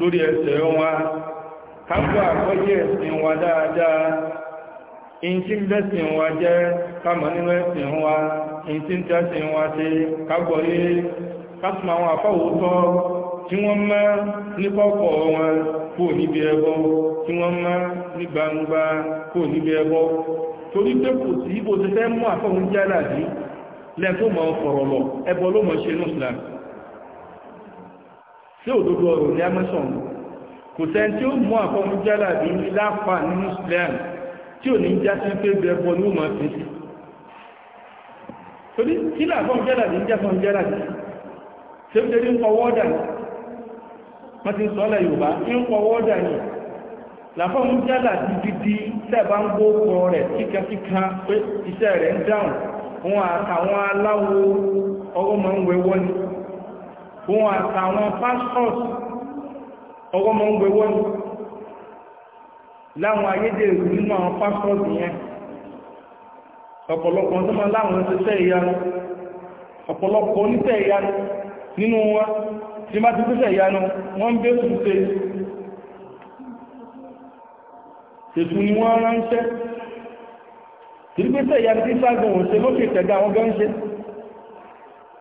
lórí ẹsẹ̀ wọn kágbà àkọ́jẹ́ ẹ̀sìn wa dáadáa in ń bẹ́sìn wa jẹ́ kámọ̀ nínú ẹ̀sìn wa in ń tẹ́sìn wa ti kágbọ̀yé kásùmọ̀ àwọn àfáwòótọ́ tí wọ́n mọ́ ní wọn kò níbi ẹbọ tí wọ́n mọ́ ní gbangba kò níbi ẹbọ torí pé kò sí bó ti fẹ́ mú àfáwòójẹ́ àlàdí lẹ́ẹ̀kọ́ mọ́ fọ̀rọ̀ lọ ẹbọ ló mọ̀ ṣe ní ìsìlámù sí òdodo ọ̀rọ̀ ní amazon kò sẹ́ni tí ó mú àkọ́mú jálà bí láfà ní muslim tí ò ní já sí pé bẹ́ẹ̀ bọ́ ní òmà fi sí torí kí láfọ́n jálà bí ń jáfọ́n jálà bí ṣe ń tẹ́lẹ̀ ń pọwọ́ dà ní wọ́n ti ń sọ́lẹ̀ yorùbá ń pọwọ́ dà ní láfọ́n jálà bí gidi tẹ́ẹ̀bá ń gbó kọ rẹ̀ kíkankíka pé iṣẹ́ rẹ̀ ń dáhùn wọn àtàwọn aláwo ọwọ́ máa ń wẹ̀wọ́ ni òun àtàwọn pastors ọwọ́ mọ́ ń gbẹ̀wọ́ ní láwọn ayédèrú nínú àwọn pastors yẹn ọ̀pọ̀lọpọ̀ tó máa láwọn oníṣẹ́ ìyanu ọ̀pọ̀lọpọ̀ oníṣẹ́ ìyanu nínú wọn tí má ti fúnṣẹ́ ìyanu wọ́n ń bẹ́ẹ̀ tún ṣe ètù ni wọ́n ránṣẹ́ tìrìgbésẹ̀ ìyanu tí sáàgùn òṣèlókè tẹ̀gá àwọn gan ṣe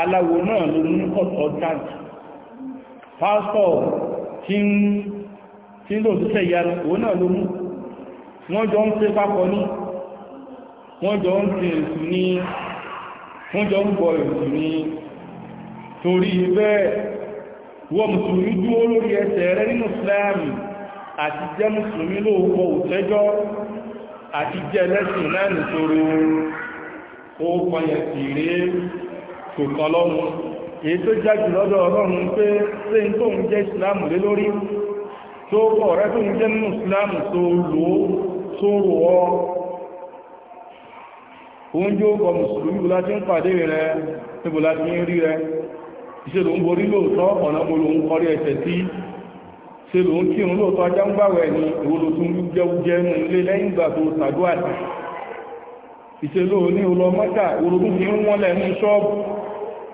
aláwo náà ló ní ọ̀tọ̀ọ̀tàjì pásọ̀ tí ń lò síṣẹ́ ìyanu òun náà ló mú wọ́n jọ ń pé pápọ̀ ní wọ́n jọ ń pè èsù ní wọ́n jọ ń gbọ́ èsù ní torí bẹ́ẹ̀ wọ́n mùsùlùmí dúró lórí ẹsẹ̀ rẹ nínú Ìsìláàmù àti jẹ́ mùsùlùmí lóòpọ̀ òtẹ́jọ́ àti jẹ́ lẹ́sìn náà nìtòrò ó kọyẹ̀ sí rèé kò tọ́ lọ́run èyí tó jájú lọ́dọ̀ ọlọ́run pé ṣé n tóun jẹ́ ìsìláàmù lé lórí tó kọ̀ rẹ́ tóun jẹ́ nínú ìsìláàmù tó lò ó tó rò ọ́ oúnjẹ ó kọ mùsùlùmí bó láti ń pàdé rẹ níbo láti ń rí rẹ ṣe ló ń borí lóòótọ́ ọ̀nà mo ló ń kọrí ẹsẹ̀ sí ṣe ló ń kírun lóòótọ́ ajá ń gbàwẹ̀ ni èwo ló tún jẹ́wújẹ́ nù ilé lẹ́yìn ìgbà tó tàdúà ìṣèlú ní olọmọ́ta ológun fi ń wọ́n lẹ́nu ṣọ́ọ̀bù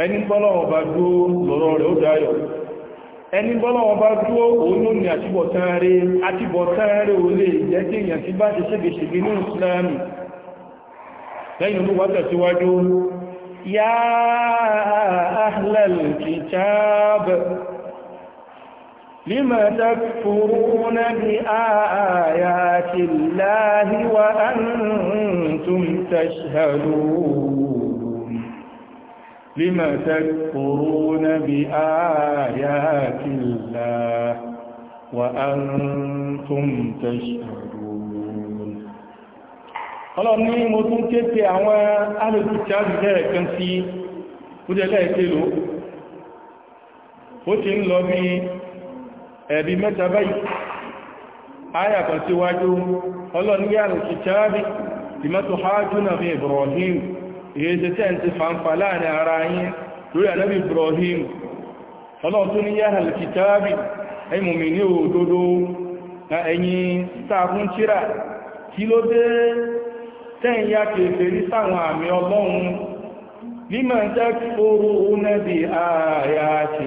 ẹni bọ́lọ́wọ́ bá dúó lọ́rọ̀ rẹ̀ ó dáyọ̀ ẹni bọ́lọ́wọ́ bá dúó òun ní àtibọ̀tánrẹ́ àtibọ̀tánrẹ́ ò lè jẹ́ tí èyàn ti bá ti ṣégeṣège ní lẹ́yìn olúwa tẹ̀síwájú yá ahlal kitab lima لما تكفرون بآيات الله وأنتم تشهدون ọlọ́run ní mo tún kéèké àwọn alùsùkà lẹ́ẹ̀kan sí kúdẹ̀lẹ́ ìkélo ó ti ń lọ bí ẹ̀bí mẹ́ta báyìí ayàkan síwájú ọlọ́run ní alùsùkà bí ìmẹ́tò hajjú náà fi Ibrahim ìrẹsẹ̀ tẹ́ ti fàǹfà láàrin ara anyị lórí ànábì Ibrahim ọlọ́run tó ní yára kìtàbì ẹ̀yin mùmí ní òdodo ẹ̀yin sáàkún tíra kí ló dé tẹ́yìn ya kèfè rí sáwọn àmì ọlọ́run mímọ̀ jẹ́ fóró nẹ́bì ààyà ti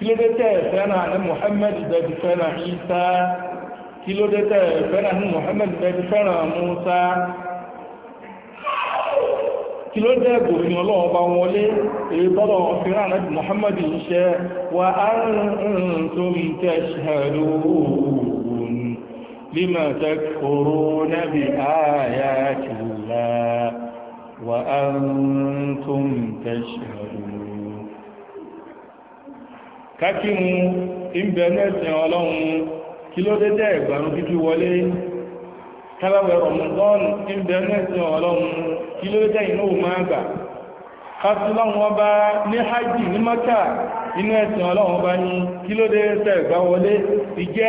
kí ló dé tẹ́ fẹ́ràn ní Muhammad bẹ́ẹ̀bí fẹ́ràn Isa kí ló dé tẹ́ fẹ́ràn ní Muhammad bẹ́ẹ̀bí fẹ́ràn Musa kí ló dé gòfin ọlọ́wọ́ bá wọlé èyí tọ́lọ̀ fẹ́ràn ní Muhammad iṣẹ́ wa antum tashhadun lima takfuruna bi ayati Allah wa antum tashhadun kákírun ìbẹ̀ẹ́nú ẹ̀sìn ọlọ́run kí ló dédé ẹ̀gbàrún kíkí wọlé kábàwẹ̀ rọ̀mùdán ìbẹ̀ẹ́nú ẹ̀sìn ọlọ́run kí ló dédé inú máa kásílọ́run ọba ní ní maka inú ẹ̀sìn ọlọ́run ọba ní kí ló dédé ẹ̀gbà wọlé ìjẹ́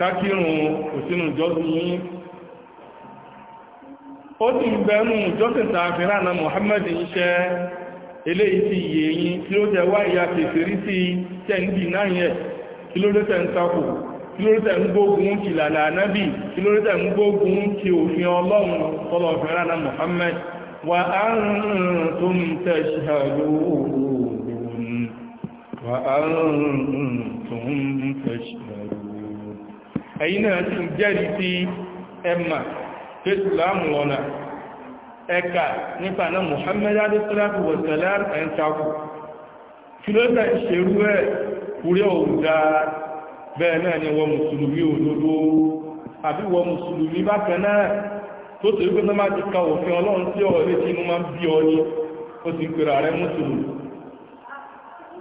kákírùn òsínú ìjọsìn yìí ó ti ń bẹ̀rù ìjọsìn tààfihàn na Muhammad iṣẹ́ eléyìí ti yìí yìí tí ó jẹ wá ìyá kèfèrí sí tẹ́ǹdì náà yẹ ń takò kí ń gbógun ti lànà ànábì ń gbógun ti wa Eyi náà sì ń jẹ́rìí sí ẹ̀mà pé ìsìláàmù ọ̀nà ẹ̀ka nípa náà Muhammad adéṣọ́láàbù wọ̀sẹ̀lá ẹ̀ńtakù kí ló dá ìṣerú ẹ̀ kúrẹ́ òòdá bẹ́ẹ̀ náà ni wọ́n mùsùlùmí òdodo àbí wọ́n mùsùlùmí bákan tó tẹ̀lé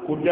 ti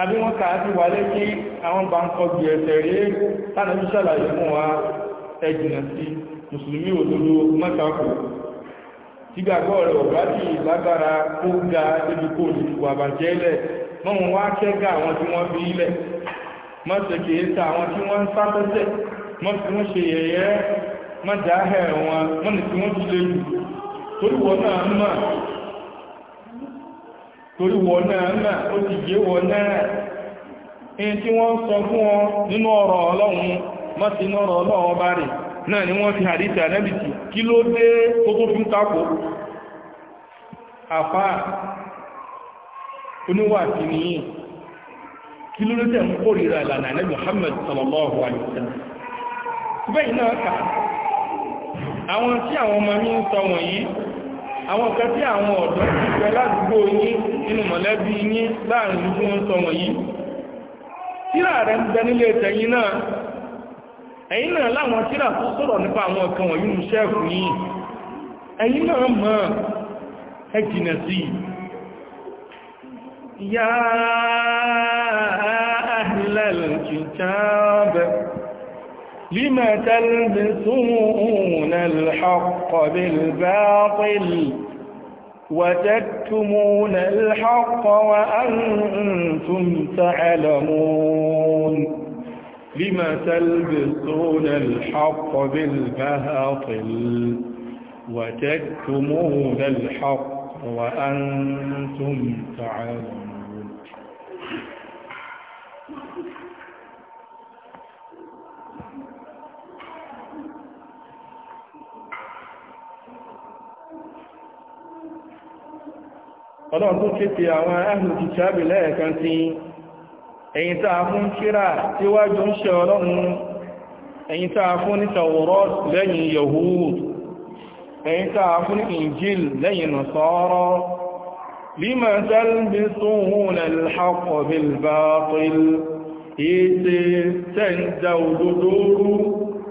àbí wọn kàá sí wà lẹ́kí àwọn bá ń kọ́ bí ẹ̀sẹ̀ rí tánà bí ṣàlàyé fún wa ẹ̀jìnà sí mùsùlùmí òdodo rẹ̀ ga débi kó ní ìwà bàjẹ́ lẹ̀ mọ́wọn wá kẹ́gà àwọn tí wọ́n ilẹ̀ mọ́sẹ̀ kìí ta àwọn tí wọ́n sáfẹ́sẹ̀ wọ́n ṣe wọn mọ́nì torí wọ́n náà náà ó ti yé wọ́n náà in tí wọ́n sọ fún ọ nínú ọ̀rọ̀ ọlọ́run má ti ní ọ̀rọ̀ ọlọ́run ọba rẹ̀ náà ni wọ́n fi hadith anẹ́bìtì kí ló dé tó tó fi ń àfá kí àwọn kan tí àwọn ọ̀dọ́ ti fẹ́ ládùúgbò yín nínú mọ̀lẹ́bí yín láàrin ìlú tí wọ́n sọ tíra rẹ̀ ń bẹ nílé tẹ̀yìn náà ẹ̀yin náà láwọn tíra tó sọ̀rọ̀ nípa àwọn ọ̀kan wọ̀nyí ní sẹ́ẹ̀fù yìí náà mọ̀ ẹ jìnà sí yáà لم تلبسون الحق بالباطل وتكتمون الحق وأنتم تعلمون لم تلبسون الحق بالباطل وتكتمون الحق وأنتم تعلمون ọlọ́run tó ṣe ti àwọn ahlul kitabi lẹ́ẹ̀kan sí ẹ̀yin tá a fún kíra tíwájú ń ṣe ọlọ́run ẹ̀yin tá a fún ní tawrat lẹ́yìn yahud ẹ̀yin tá a fún ní injil lẹ́yìn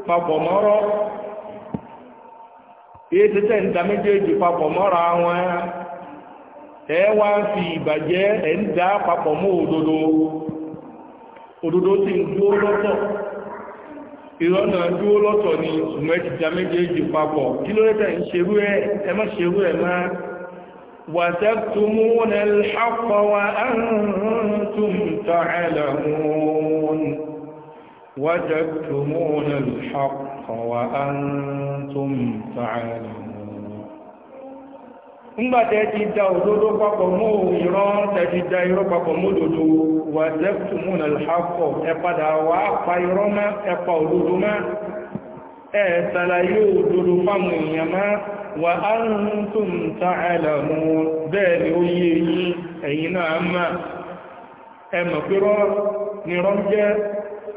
papọ̀ mọ́ra wọn ẹ wá ń fi ìbàjẹ́ ẹ̀ ń dá papọ̀ mọ́ òdodo òdodo ti ń dúó lọ́tọ̀ ìrọ́nà dúó lọ́tọ̀ ni ṣùgbọ́n ti já méjèèjì papọ̀ kí ló lẹ́tẹ̀ ń ṣerú ẹ ẹ má ṣerú ẹ má وتكتمون الحق وأنتم تعلمون وتكتمون الحق وأنتم تعلمون ńgbàtẹ́ ti da òdodo papọ̀ mú ìran tẹ̀fi da irọ́ papọ̀ mú òdodo wà zẹ́kùtù mú nà lọ́pọ̀ ẹ̀padà wà pa irọ́ má ẹ̀pa òdodo má ẹ̀ sàlàyé òdodo fáwọn èèyàn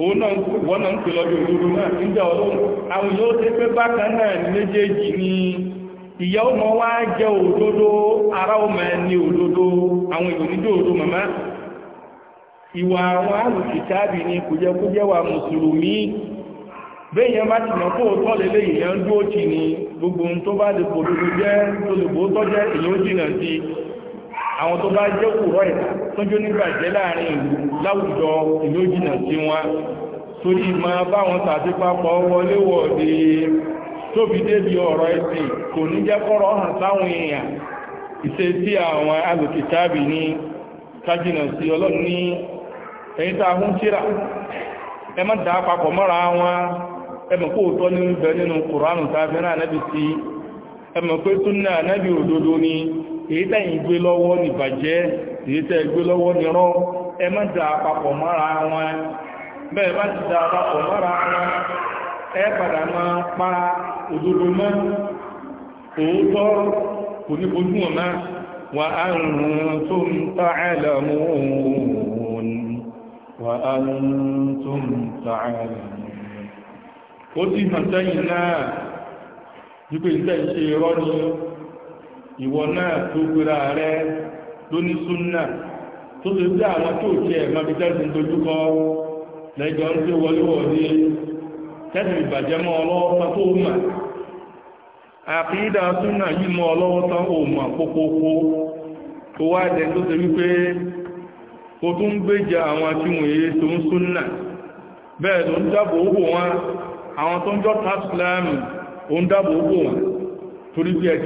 wọ́n náà ń pè lọ́dọ̀ òdúrú náà ń jẹ́ ọlọ́run àwọn yóò tẹ́ pé bákan náà ní méjèèjì ní ìyá ọmọ wá jẹ́ òdodo ara ọmọ ẹni òdodo àwọn ni kò wà mùsùlùmí bẹ́yẹn bá ti mọ̀ gbogbo ohun tọ́jú nígbàjẹ́ láàrin ìlú láwùjọ ìlú sí wọn torí ma báwọn tàbí papọ̀ wọlé tóbi débi ọ̀rọ̀ ẹ̀sìn kò ní jẹ́ hàn sáwọn èèyàn ìṣe sí àwọn alòkìtàbì ní kájìnà sí ọlọ́run ní ẹ̀yìn tá a hún tíra ẹ má dá papọ̀ mọ́ra wọn ẹmọ̀ kó tọ́ nínú kùránù èyí tẹ́ gbé lọ́wọ́ ní ẹ má dà papọ̀ mọ́ra wọn bẹ́ẹ̀ bá ti dà papọ̀ mọ́ra wọn ẹ padà máa pa òdodo mọ́ òótọ́ kò ní bojú wọn wà á tó ń wà á tó ń ti hàn sẹ́yìn náà ìtẹ́ lóní súnà tó ti rí àwọn tó jẹ́ ẹ̀mọ́ bí tẹ́sí ń dojúkọ lẹ́jọ́ ń tí wọlé wọlé tẹ́sí ìbàjẹ́ mọ́ ọlọ́wọ́ tó mà àkídà súnà yìí mọ́ ọlọ́wọ́ ò mà pópópó tó wá dẹ̀ tó ti wípé kò tún gbéjà àwọn tí wọ́n yé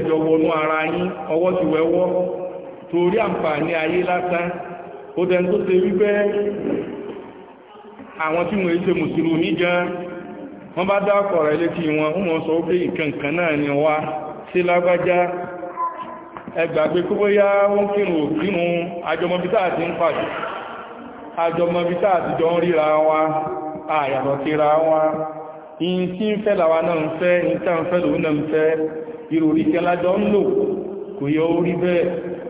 tó ń ara yín ọwọ́ ti wẹ́wọ́ torí àǹfààní ayé lásán ó dẹni tó ṣe wípé àwọn tí wọ́n ṣe mùsùlùmí gan wọ́n bá dá ọkọ̀ rẹ̀ létí wọn ó mọ̀ sọ pé nǹkan kan náà ni wá sí lágbájá ẹgbàgbé kó wọ́n kírun òkírun àjọmọbítà àti ń pàdé àjọmọbítà àti jọ ń ríra wa àyàtọ̀ síra wa in tí ń fẹ́ làwa náà ń fẹ́ in tí ń fẹ́ lòun náà ń fẹ́ ìròrí kẹlájọ́ ń lò kò yẹ orí bẹ́ẹ̀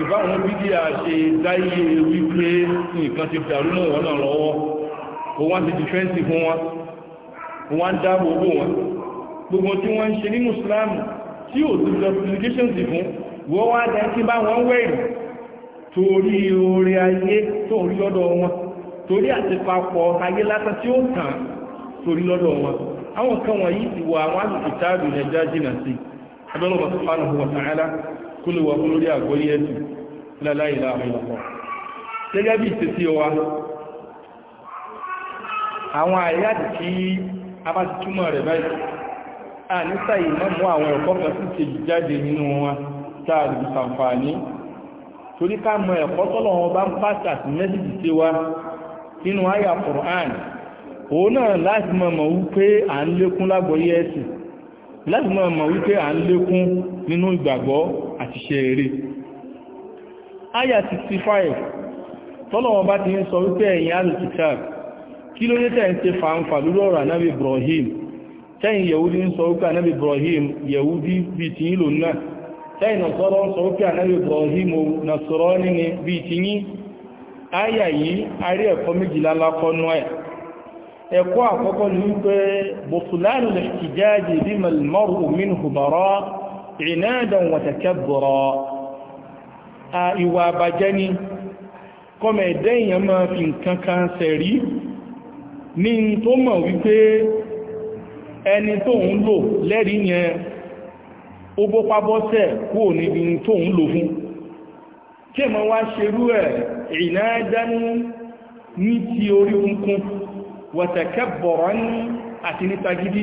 ìbáwọn bídíà ṣe dáyé wípé nǹkan ti dàrú mọ́ wọn náà lọ́wọ́ o wọ́n ti dìfẹ́ǹsì fún wọn wọ́n ń dáàbò bò wọn gbogbo tí wọ́n ń ṣe ní mùsùlámù tí ò ti justifications fún wọ́n wá dá sí bá wọn wẹ̀rì torí orí ayé tó rí lọ́dọ̀ wọn torí àti papọ̀ ayé látà tí ó tàn torí lọ́dọ̀ wọn àwọn kan wọ̀nyí ti wọ àwọn alùpùpù táàbù nàìjíríà jìnà sí abẹ́lọ́wọ̀ sọ́fánà wọ̀ tààlà kó lè lórí àgbóyé ẹ̀sìn láláìlá àwọn gẹ́gẹ́ bí ìsẹsí ọwa àwọn àyáàdì tí a bá ti túmọ̀ rẹ̀ báyìí a níta ìmọ̀mú àwọn ẹ̀kọ́ kan sí ti jáde nínú wọn táàrí ìsànfààní torí ká mọ ẹ̀kọ́ tọ́lọ̀ wọn bá ń pàtàkì mẹ́sìlì sí wa nínú àyà Qur'an òun náà láti mọ̀ mọ̀ wípé à ń lékún lágbọ́yé ẹ̀sìn láti mọ̀ mọ̀ wípé à ń lékún nínú ìgbàgbọ́ àti ṣe eré aya 65 tọ́lọ̀wọ́n bá ti ń sọ wípé ẹ̀yin alùkìtàb kí ló dé tẹ́ ń ṣe fàǹfà lórí ọ̀rọ̀ anábì Ibrahim tẹ́yìn yẹ̀wúdí ń sọ wípé anábì Ibrahim yẹ̀wúdí bí ti ń lò náà tẹ́yìn nàṣọ́rọ̀ ń sọ wípé anábì Ibrahim nàṣọ́rọ̀ ìnáàdàn wàtàkẹ́bọ̀rọ̀ ìwà àbàjẹ́ ni kọmọ ẹ̀dẹ́ èèyàn máa fi nǹkan kan sẹ̀rí ní tó mọ̀ wípé ẹni tó ń lò lẹ́rí yẹn ó bópá bọ́sẹ̀ kúrò níbi tó ń lò fún kí ẹ̀mọ́ wá ṣerú ẹ̀ ìnáàdán ní ti orí kúnkún wàtàkẹ́bọ̀rọ̀ àti nítagídí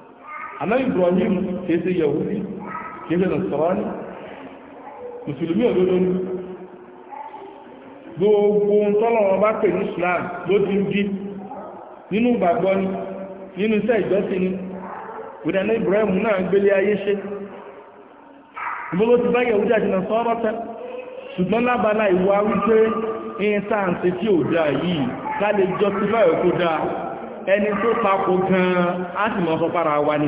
Ana Ibrahim kìí ṣe Yahudi kìí ṣe Nasarani mùsùlùmí òdodo ní gbogbo tọ́lọ̀wọ́ bá pè ní Islam ló ti ń jí nínú ìgbàgbọ́ ni nínú iṣẹ́ ìjọsìn ni ìdáná Ibrahim náà ń gbélé ayé ṣe ìbóló ti bá Yahudi àti Nasara tẹ́ ṣùgbọ́n lábala ìwà wípé ìyẹnsáǹsì tí ò dáa yìí ká lè jọ sí báyọ̀ tó dáa ẹni tó takò gan-an á sì mọ́ sọ fára wa ni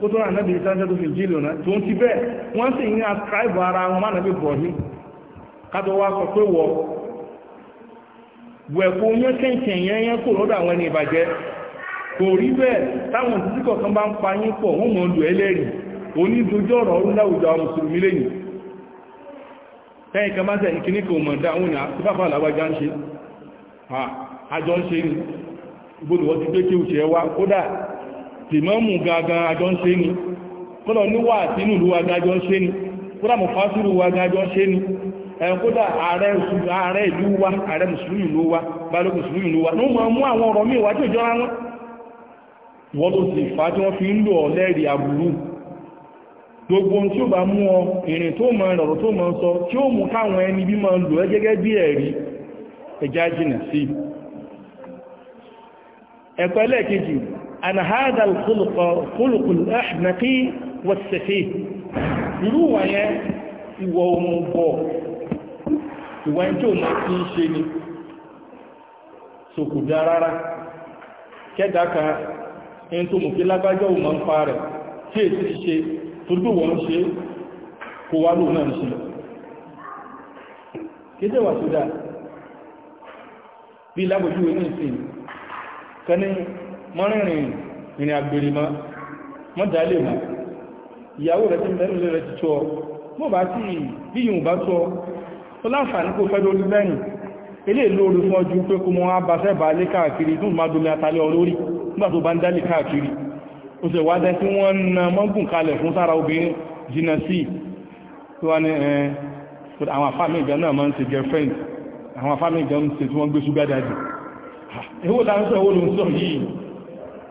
tó tó ànábì ìsájọ́ tó fi jílò náà tó ń ti bẹ́ẹ̀ wọ́n sì ń ascribe ara wọn má nàbí Ibrahim kátó wá sọ pé wọ wẹ̀kú yẹn kẹ́ǹkẹ́ yẹn yẹn kò lọ́dọ̀ àwọn ẹni ìbàjẹ́ kò rí bẹ́ẹ̀ táwọn òtítí kọ̀ọ̀kan bá ń pa yín pọ̀ wọ́n mọ̀ ń lò ẹlẹ́rìí onídojú ọ̀rọ̀ ọdún láwùjọ àwọn mùsùlùmí lẹ́yìn tẹ́yìn ìkíní mọ̀ dá ń ṣe àjọ ń ṣe ní gbogbo tìmọ́mù gangan àjọ ń ṣe ni kọ́lọ̀ níwà àti inú ìlú agájọ́ ń ṣe ni kódà mọ̀ fásitì wa ṣe ni ààrẹ ìlú wa ààrẹ mùsùlùmí ló wa balógun mùsùlùmí ló wa ní wọ́n mú àwọn ọ̀rọ̀ míì fi ń ọ lẹ́rì àbúrú gbogbo tí ó bá mú ọ ìrìn tó mọ tó mọ sọ tí ó mú káwọn ẹni bí mọ lò gẹ́gẹ́ bí ẹ̀rí jìnà sí ẹ̀kọ́ عن هذا الخلق خلق الأحمق والسفيه irú wọn yẹn ìwọ ohun bọ̀ na ẹni tí ò mọ̀ sí ṣe ni sòkò dá rárá kẹ́dà kan ẹni tó mọ̀ kí lágbájọ́ ò mọ̀ ń mọ́ rìnrìn ìrìn àgbèrè mọ́ mọ́ dálé mọ́ ìyàwó rẹ̀ tí mẹ́rin rẹ̀ ti tọ́ mọ́ bá tí bí yìí bá tọ́ ó láǹfààní kó fẹ́ lórí lẹ́yìn ilé ìlóorí fún ọjú pé kó mọ́ abáṣẹ́ bá lé káàkiri tó má domi atalẹ́ olórí nígbà tó bá ń dálé káàkiri ó sì wádẹ́ tí wọ́n na mọ́gùn kalẹ̀ fún sára obìnrin jìnà sí tó wá ní àwọn àfáàmì ìgbà náà máa ń ṣe girlfriend àwọn àfáàmì ìgbà ń ṣe tí wọ́n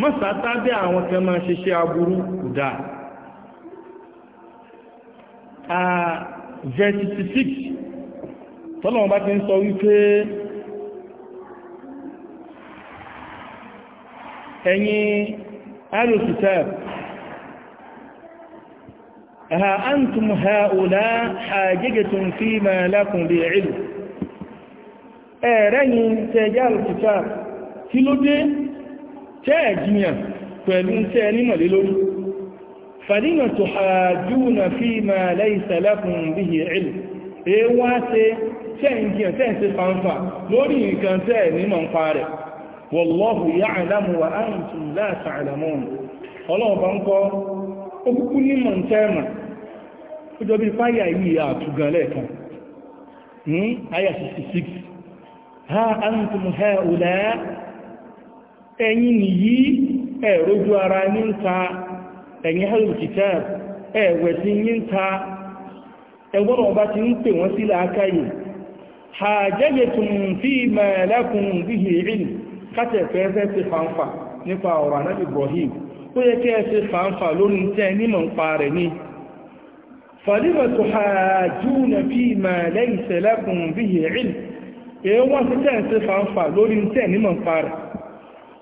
mọ́sá sábẹ́ àwọn kan máa ṣiṣẹ́ aburú kù dáa verse 26 tọ́lọ̀wọ́n bá ti ń sọ wípé ẹ̀yin alùsìtẹ́ ha an tún ha ọ̀lá àgẹ́gẹ̀tún fi ma lákùn bí ìlú ẹ̀rẹ́yìn tẹ́jẹ́ alùsìtẹ́ kí ló dé tẹ́ ẹ̀jìyàn pẹ̀lú tẹ́ nímọ̀lé lórí fàdínà tó na fi ma laysa lakum bihi ilm èwá tẹ́ ẹ̀jìyàn tẹ́ ṣe fanfà lórí nǹkan tẹ́ nímọ̀ ń pa rẹ̀ wallahu ya'lamu wa antum la ta'lamun ọlọ́ọ̀bá ń kọ́ ó kúkú nímọ̀ ń tẹ́mà ó jọ bí fáyà yìí àtúgan lẹ́ẹ̀kan ní àyà 66 ha antum ha'ula ẹ̀yin nìyí ẹ̀rójú ara ní ń ta ẹ̀yin hálùkìtà ẹ̀wẹ̀ sí ní ń ta ẹgbọ́n ọba ti ń pè wọ́n sí làákàyè hajjẹ́jẹ̀tùn fi mẹ́lẹ́kùn bíhì ìrìn kátẹ̀fẹ́fẹ́ ti fàǹfà nípa ọ̀rọ̀ anábì Ibrahim ó yẹ kí ẹ ṣe fàǹfà lórí tẹ́ nímọ̀ ń pa rẹ̀ ní fàlímọ̀ ń pa rẹ̀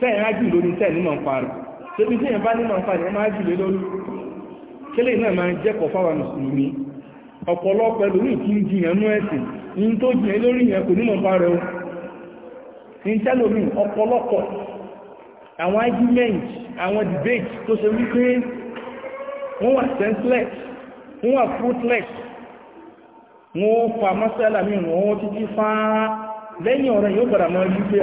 tẹ́ẹ̀ rájù lórí tẹ́ẹ̀ nímọ̀ ń parọ̀ tóbi tí èèyàn bá nímọ̀ ń parọ̀ ẹ máa jùlé lórí kélé náà máa ń jẹ́kọ̀ọ́ mùsùlùmí ọ̀pọ̀lọpọ̀ ẹlòmíì kí ń jiyàn nú ẹ̀sìn ní tó lórí kò nímọ̀ ń o ní tẹ́lómi ọ̀pọ̀lọpọ̀ àwọn argument àwọn debate tó ṣe wípé wọ́n wà senseless wọ́n wà fruitless fa mi wọ́n títí fáá lẹ́yìn ọ̀rẹ́ yóò mọ́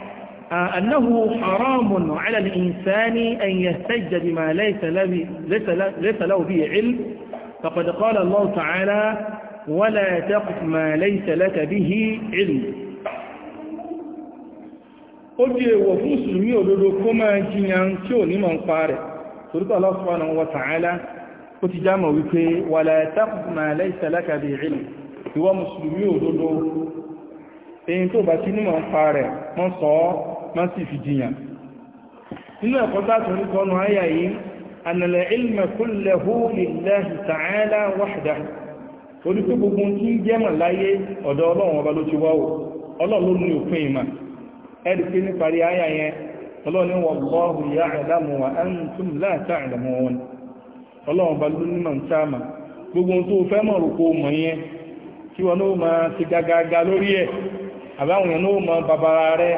أنه حرام على الإنسان أن يهتج بما ليس له به علم فقد قال الله تعالى ولا تقف ما ليس لك به علم ó di èwọ̀ fún sùlùmí òdodo kó máa jiyàn tí ò nímọ̀ ń pa rẹ̀ torítọ̀ Allah subhanahu wa ta'ala ó ti já mọ̀ wípé wala taqfu ma laysa laka bi ilm ìwọ mùsùlùmí èyí tó bá ti nímọ̀ ń pa rẹ̀ wọ́n sọ ma sì fi jiyàn nínú ẹ̀kọ́ tààtù ní kọ́nù ayà yìí ànàlẹ̀ ilmẹ̀ kúlẹ̀ hù lillahi ta'ala wahda torí pé gbogbo tí ń jẹ́ mọ̀ láyé ọ̀dọ̀ ọlọ́run ọba ló ti wá o ọlọ́run ló ní òfin ní ó babara rẹ̀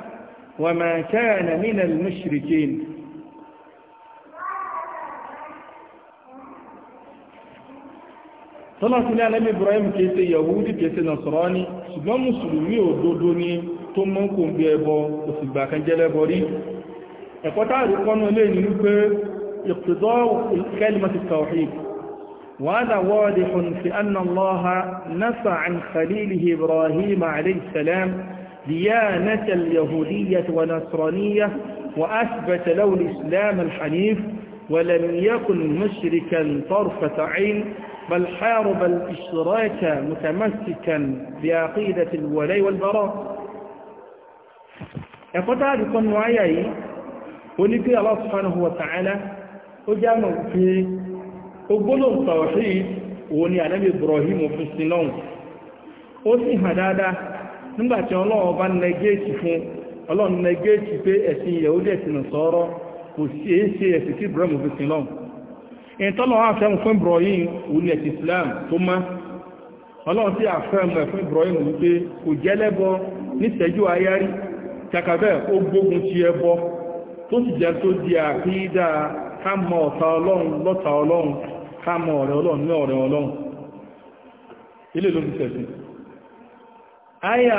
وما كان من المشركين طلعت لي على إبراهيم كيس يهودي كيس نصراني سبا مسلمي ودودوني تمام كون بيبو وسبا كان جلبوري أقطع رقم ولين يبقى اقتضاء كلمة التوحيد وهذا واضح في أن الله نفى عن خليله إبراهيم عليه السلام ديانة اليهودية ونصرانية وأثبت له الإسلام الحنيف ولم يكن مشركا طرفة عين بل حارب الإشراك متمسكا بعقيدة الولاء والبراء يقول هذا يكون معي ونبي الله سبحانه وتعالى وجامع في وقلوا التوحيد ونعلم إبراهيم في السلام وفي هذا nígbàtí ọlọ́run bá nẹgẹ́ẹ̀tì fún ọlọ́run nẹgẹ́ẹ̀tì pé ẹ̀sìn yẹ̀húdí ẹ̀sìn sọ́ọ́rọ́ kò sí èé ṣe ẹ̀sìn tí ibrahim fi sin lọ́n ìtọ́lọ́run àfẹ́mù fún ibrahim òun ẹ̀sìn islam tó má ọlọ́run tí àfẹ́mù ẹ̀ fún ibrahim wípé kò jẹ́lẹ́bọ níṣẹ́jú ayárí takabẹ́ ó gbógun ti ẹbọ tó sì jẹ́ tó di àkídà ká mọ ọ̀tá ọlọ́run lọ́tá ọlọ́run ká mọ ọ̀rẹ́ ọlọ́run ní ọ̀rẹ́ ọlọ́run ilé ló fi tẹ̀sìn àyà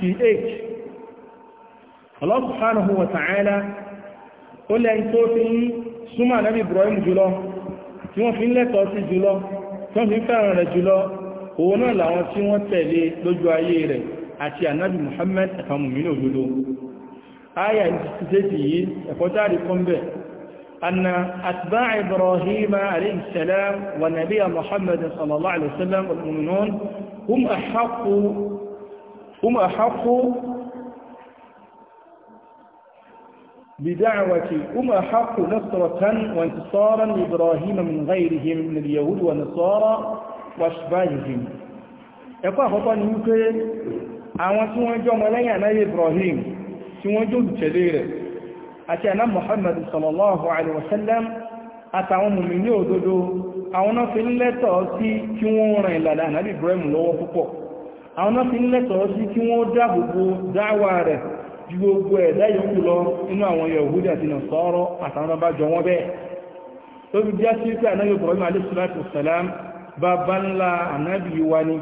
68 Allah subhanahu wa ta'ala ó lẹ́yìn tó fi ń súnmọ́ ànábì Ibrahim jùlọ tí wọ́n fi ń lẹ́tọ̀ọ́ sí jùlọ tí wọ́n fi ń fẹ́ràn rẹ̀ jùlọ òun náà làwọn tí wọ́n tẹ̀lé lójú ayé rẹ̀ àti ànábì Muhammad àtàmùmínà òdodo آية تتتي فتاري قنبه أن أتباع إبراهيم عليه السلام ونبي محمد صلى الله عليه وسلم والمؤمنون هم أحق هم أحق بدعوة هم أحق نصرة وانتصارا لإبراهيم من غيرهم من اليهود ونصارى وأشباههم ẹ̀kọ́ àkọ́kọ́ ni wípé àwọn tí wọ́n jọ mọ́lẹ́yìn ànáyé Ibrahim tí wọ́n jọ tẹ̀lé rẹ̀ àti àná Muhammad sallallahu alaihi wasallam àtàwọn mùmínì òdodo àwọn náà fi lẹ́tọ̀ọ́ sí kí wọ́n rìn ìlànà Ibrahim lọ́wọ́ púpọ̀ àwọn náà fi ń lẹ́tọ̀ọ́ sí kí wọ́n dáàbò bo dáwà rẹ̀ ju gbogbo ẹ̀dá yòókù lọ inú àwọn Yahudi àti Nasara àtàwọn bá jọ wọ́n bẹ́ẹ̀ tó fi jẹ́ sí pé ànábì Ibrahim alayhi salatu wassalam bàbá ńlá ànábì wa ni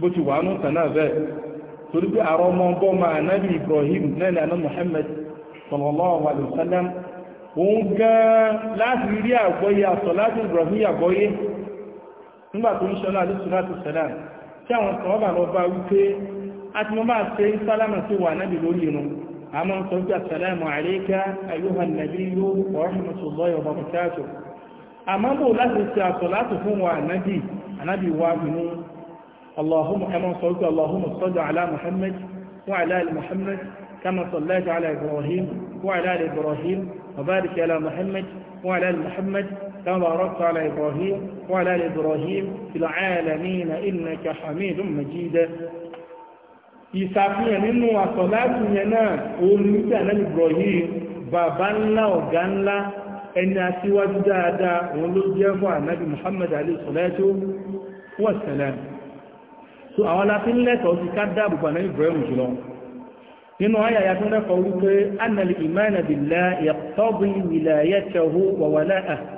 bó ti wà nù tànà bẹ́ẹ̀ torí pé àrọ ọmọ ọgbọ́n ma ànábì Ibrahim náà ni àná Muhammad sallallahu alayhi wasallam òun gan láti rí àgbọ́yé àsọ̀ láti Ibrahim àgbọ́yé nígbà tó ń ṣọlá alayhi salatu wassalam tí àwọn sọ̀rọ̀bà lọ bá wípé a ti mọ́ máa ṣe ń sálámà sí wà náàbì lórí irun a máa ń sọ pé àsàlámù àríkà ayúhà nàbí yóò ọ̀rọ̀mọ̀sọ̀lọ́ wa náàbì anábì wa كما باركت على إبراهيم وعلى إبراهيم في العالمين إنك حميد مجيد إسافيا منه وصلاة منا أمك على إبراهيم بابانا وغانا أن أسوى جدادا ونلوك يفع النبي محمد عليه الصلاة والسلام سو أولا في الله توسي إبراهيم جلوم إنه هيا يتنقى أن الإيمان بالله يقتضي ولايته وولاءه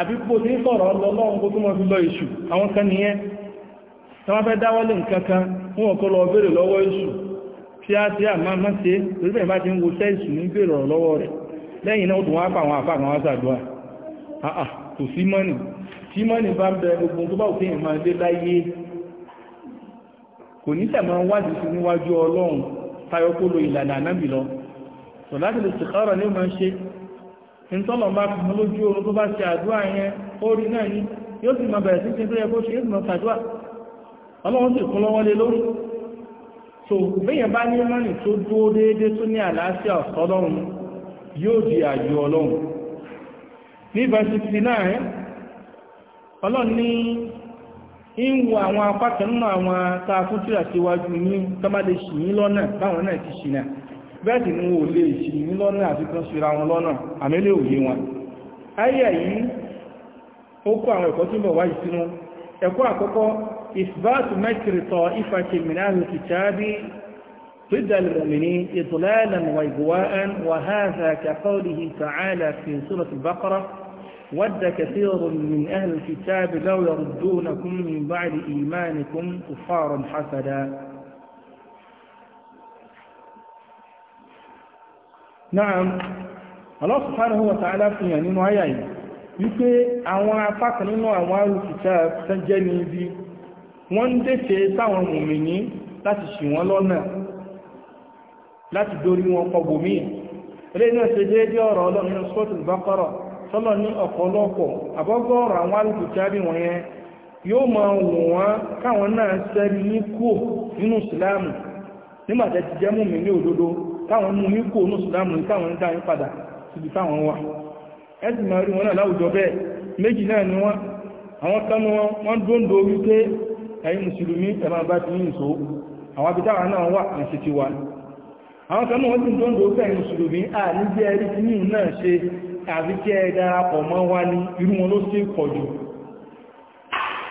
àbí kó tí ń sọ̀rọ̀ lọ́lọ́run kó tó mọ́ fi lọ ìṣù àwọn kan nìyẹn tí wọ́n fẹ́ dáwọ́lé nǹkan kan fún ọ̀kọ́ lọ bèèrè lọ́wọ́ ìṣù tí a ti àmá má ṣe torí bẹ̀rẹ̀ bá ti ń wo ṣẹ́ ìṣù ní bèèrè lọ́wọ́ rẹ̀ lẹ́yìn náà tó wá pa àwọn àfáà àwọn àṣàdúrà àà kò sí mọ́nì tí mọ́nì ìtọ́lọ̀ bá fi lójú tó bá ṣe àdúrà yẹn orí náà ni yóò sì máa bẹ̀rẹ̀ sí ṣe tó yẹ kó ṣe é ọlọ́run sì kún lórí so béèyàn bá ní mọ́nì tó dúró déédé tó ní àlàáfíà ọ̀sọ́lọ́run yóò di àjò ọlọ́run ní ọlọ́run ní ń wo àwọn apá kan nínú àwọn tá a fún tíra síwájú yín lè ṣì yín lọ́nà báwọn náà ti ṣì bẹ́ẹ̀dì ní o lè ṣì ní lọ́nà àti kan ṣíra wọn lọ́nà àmẹ́lẹ̀ òye wọn ayẹ́ yìí ó kó àwọn ẹ̀kọ́ tí ń bọ̀ wáyé sínú ẹ̀kọ́ àkọ́kọ́ ìfìbáàtù mẹ́kìrìtọ̀ ìfàkì mìíràn kìtàbí ضد المؤمنين إضلالا وإغواء وهذا كقوله تعالى في سورة البقرة ود كثير من أهل الكتاب لو يردونكم من بعد إيمانكم كفارا حسدا Naam, Allah subhanahu wa ta'ala fi nínú àyà yi wípé àwọn apákan nínú àwọn arúfìtà sẹ́jẹ́ ní ibi wọ́n ń dèfè sáwọn mùmìní láti ṣì wọ́n lọ́nà láti dorí wọn kọ bòmí eré náà ṣe déédé ọ̀rọ̀ ọlọ́run nínú bákọ́rọ̀ sọ́lọ́ ní ọ̀pọ̀lọpọ̀ àbọ́gọ́rọ̀ àwọn bí wọ́n yẹn yóò máa wù wọ́n káwọn náà sẹ́rí ní kúò nínú ìsìláàmù ti jẹ́ òdodo káwọn mú ní kò ní sùdámù káwọn ń dáyín padà síbi táwọn wà ẹ̀sì máa rí wọn náà láwùjọ bẹ́ẹ̀ méjì náà ni wọ́n àwọn kánú wọn wọ́n dóńdó wípé ẹ̀yin mùsùlùmí ẹ máa bá ti ní ìṣó àwọn abitáwà náà wà ní ṣe ti wà àwọn kánú wọn sì dóńdó wípé ẹ̀yin mùsùlùmí à ní jẹ́ ẹrí tí yìí náà ṣe àbí jẹ́ ẹ darapọ̀ mọ́ wá ní irú wọn ló ṣe pọ̀ jù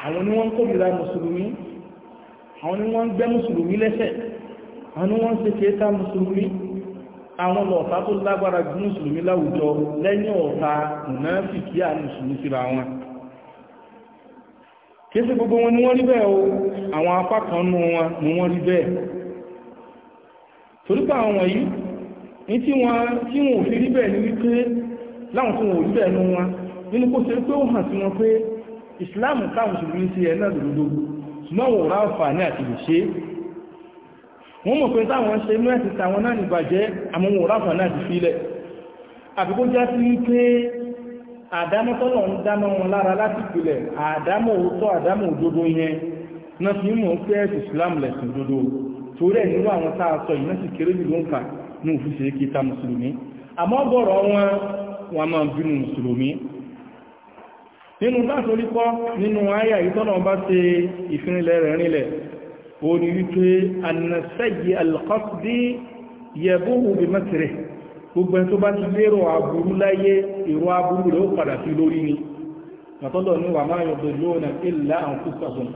àwọn ni wọ́n kórìíra gbẹ́ mùsùlùmí lẹ́sẹ̀ àwọn ni wọ́n ṣe kéta mùsùlùmí àwọn ọ̀tá tó lágbára jù mùsùlùmí láwùjọ lẹ́yìn ọ̀tá mùnáfìkí à mùsùlùmí síra wọn kìí sí gbogbo wọn ni wọ́n rí bẹ́ẹ̀ o àwọn apá kan nú wọn ni wọ́n rí bẹ́ẹ̀ torípa àwọn wọ̀nyí ní tí wọ́n tí wọ́n fi rí bẹ́ẹ̀ ní wípé láwọn tí wọ́n rí bẹ́ẹ̀ wọ́n mọ̀ pé táwọn ṣe inú ẹ̀sìn tàwọn náà nìbàjẹ́ àmọ́ wọn ráfà náà ti fílẹ̀ àbíkó já sí wípé àdámọ́ tọ́lọ̀ ń dámọ́ wọn lára láti ìpìlẹ̀ àdámọ́ òótọ́ àdámọ́ òdodo yẹn náà fi mọ̀ pé ẹ̀sìn Islam lẹ̀sìn òdodo torí ẹ̀ nínú àwọn tá a sọ yìí náà kéré ó ní wípé annasayi alkọ́sí yẹ̀bùhù bí mẹ́sìrẹ̀ gbogbo ẹni tó bá ti lérò aburú láyé èrò aburú rẹ̀ ó padà sí lórí ni àtọ́lọ̀ ní wà máa yọ̀dọ̀ lóòrùn ìlà àwọn kúsàtún